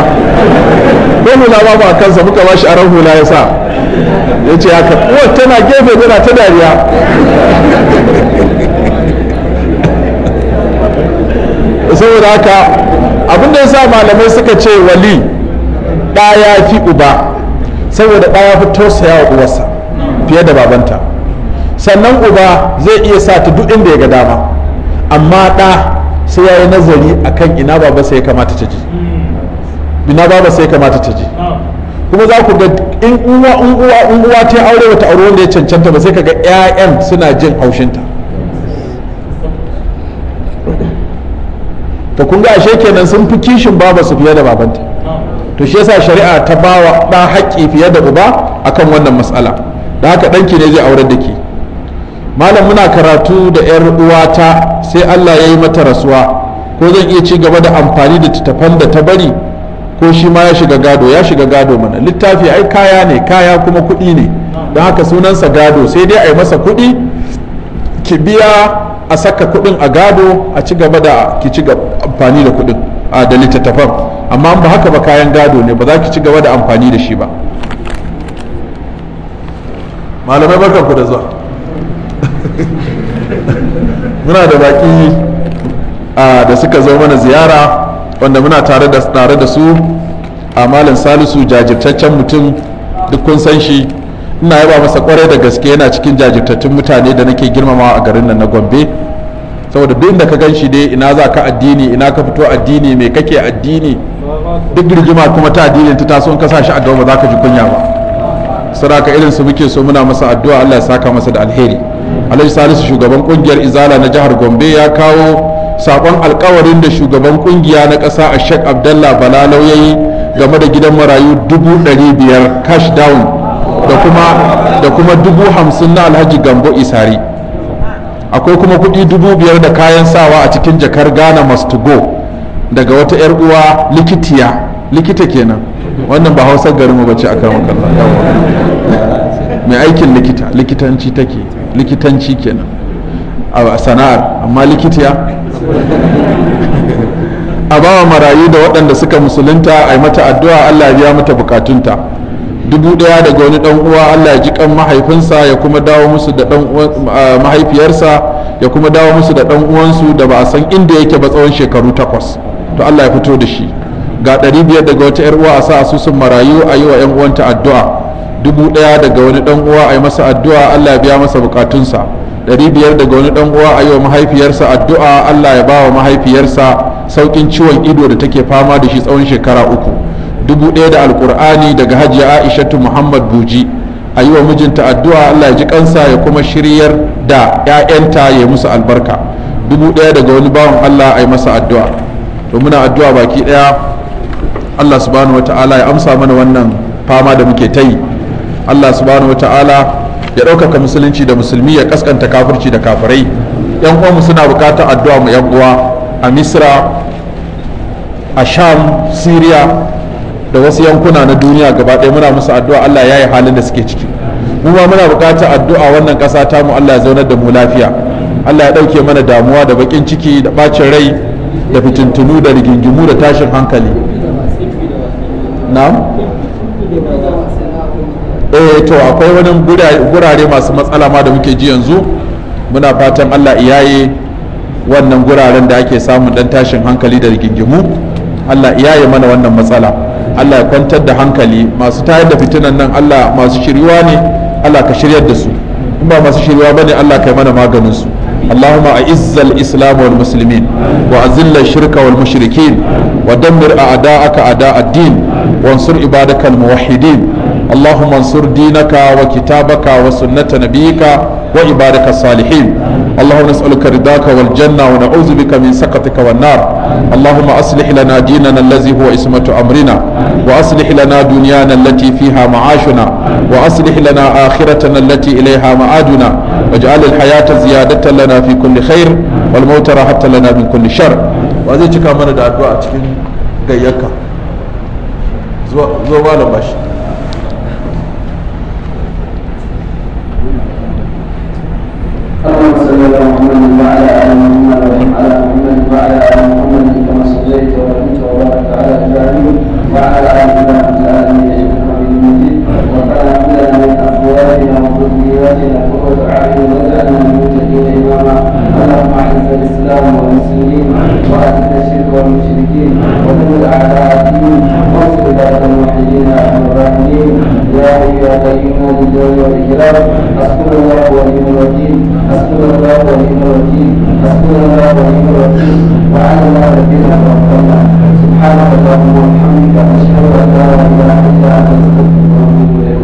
ko hula ba ba kansa muka ba shi aran hula ya sa ya ce haka uwar tana gefe tana ta dariya saboda haka abinda ya sa malamai suka ce wali ya fi uba saboda ya fi tausaya wa uwarsa fiye da babanta sannan uba zai iya sa ta duk inda ya ga dama amma ɗa sai ya yi nazari akan ina babansa ya kamata ta je ina babansa ya kamata ta je kuma za ku ga in uwa in uwa in uwa ta aure wata aure wanda ya cancanta ba sai kaga ƴaƴan suna jin haushinta to kun ga ashe kenan sun fi kishin baba su fiye da babanta to shi yasa shari'a ta bawa ɗa haƙƙi fiye da uba akan wannan matsala da haka ɗanki ne zai aurar da ke malam muna karatu da 'yar uwata sai allah ya yi mata rasuwa ko zan iya ci gaba da amfani da tattafan da ta bari ko shi ma ya shiga gado ya shiga gado mana littafi ai kaya ne kaya kuma kuɗi ne don haka sunansa gado sai dai a yi masa kuɗi ki biya a saka kuɗin a gado a ci gaba da ki ci amfani da kuɗin a da littattafan amma ba haka ba kayan gado ne ba za ki ci gaba da amfani da shi ba malamai barkan ku da zuwa muna da baki da suka zo mana ziyara wanda muna tare da tare da su a malam salisu jajirtaccen mutum duk kun san shi ina yaba masa kwarai da gaske yana cikin jajirtattun mutane da nake girmamawa a garin nan na gombe saboda duk da ka gan shi dai ina za ka addini ina ka fito addini me kake addini duk rigima kuma ta addinin ta taso in ka sa shi a gaba ba za ka ji kunya ba saraka irin su muke so muna masa addu'a Allah ya saka masa da alheri alhaji salisu shugaban kungiyar izala na jihar gombe ya kawo sakon alkawarin da shugaban kungiya na ƙasa a shek abdallah balalau ya yi game da gidan marayu dubu biyar cash down da kuma da kuma dubu hamsin na alhaji gambo isari akwai kuma kuɗi dubu biyar da kayan sawa a cikin jakar ghana must to go daga wata 'yar uwa likitiya likita kenan wannan ba hausar garin mu bace akan wakalla mai aikin likita likitanci take likitanci kenan a sana'ar amma likitiya a bawa marayu da waɗanda suka musulunta a yi mata addu'a Allah ya biya mata bukatunta dubu ɗaya daga wani ɗan uwa Allah ya ji kan mahaifinsa ya kuma dawo musu da ɗan mahaifiyarsa ya kuma dawo musu da ɗan uwansu da ba a san inda yake ba tsawon shekaru takwas to Allah ya fito da shi ga ɗari biyar daga wata yar uwa a sa asusun marayu a yi wa 'yan uwanta addu'a dubu ɗaya daga wani ɗan uwa a yi masa addu'a Allah ya biya masa bukatunsa 500 daga wani dan uwa a yi wa mahaifiyarsa addu'a Allah ya bawa mahaifiyarsa saukin ciwon ido da take fama da shi tsawon shekara uku dubu ɗaya da alkur'ani daga hajiya aishatu muhammad buji a yi wa mijinta addu'a Allah ya ji kansa ya kuma shiryar da 'ya'yanta ya musu albarka dubu ɗaya daga wani bawan Allah a yi masa addu'a to muna addu'a baki ɗaya Allah subhanahu ta'ala ya amsa mana wannan fama da muke ta yi Allah subhanahu ta'ala ya ɗaukaka musulunci da musulmi ya kaskanta kafirci da kafirai yan uwanmu suna bukatar addu'a mu yan uwa a misra a sham syria da wasu yankuna na duniya gaba ɗaya muna musu addu'a allah ya yi halin da suke ciki mu ma muna bukatar addu'a wannan ƙasa ta mu allah ya zaunar da mu lafiya allah ya ɗauke mana damuwa da baƙin ciki da ɓacin rai da fitintunu da rigingimu da tashin hankali na'am eh to akwai wani gurare masu matsala ma da muke ji yanzu muna fatan allah iyaye wannan guraren da ake samun dan tashin hankali da rigingimu allah iyaye mana wannan matsala allah ya kwantar da hankali masu tayar da fitinan nan allah masu shiryuwa ne allah ka shiryar da su in ba masu shiryuwa ba ne allah kai mana maganin su اللهم أعز الإسلام والمسلمين وأذل الشرك والمشركين ودمر أعداءك أعداء الدين وانصر عبادك الموحدين اللهم انصر دينك وكتابك وسنة نبيك وعبادك الصالحين اللهم نسألك رضاك والجنة ونعوذ بك من سخطك والنار اللهم أصلح لنا ديننا الذي هو اسمة أمرنا وأصلح لنا دنيانا التي فيها معاشنا وأصلح لنا آخرتنا التي إليها معادنا واجعل الحياة زيادة لنا في كل خير والموت راحة لنا من كل شر وهذه كمان الدعاء تكون جيكا زو زو باش محمد وعلى ال محمد وبارك على محمد وعلى ال محمد كما صليت ورحمت وباركت على ابراهيم وعلى ال ابراهيم في العالمين انك حميد مجيد وكان لنا من اقوالنا وذرياتنا قره اعين واجعلنا للمتقين اماما اللهم اعز الاسلام والمسلمين واعز والمشركين ودمر اعداء الدين وانصر عبادك الموحدين ارحم الراحمين يا ايها الايمان بالجلال والاكرام حسبنا الله ونعم الوكيل حسبنا الله ونعم الوكيل حسبنا الله ونعم الوكيل وعلى الله ربنا توكلنا سبحانك اللهم وبحمدك اشهد ان لا اله الا انت استغفرك واتوب اليك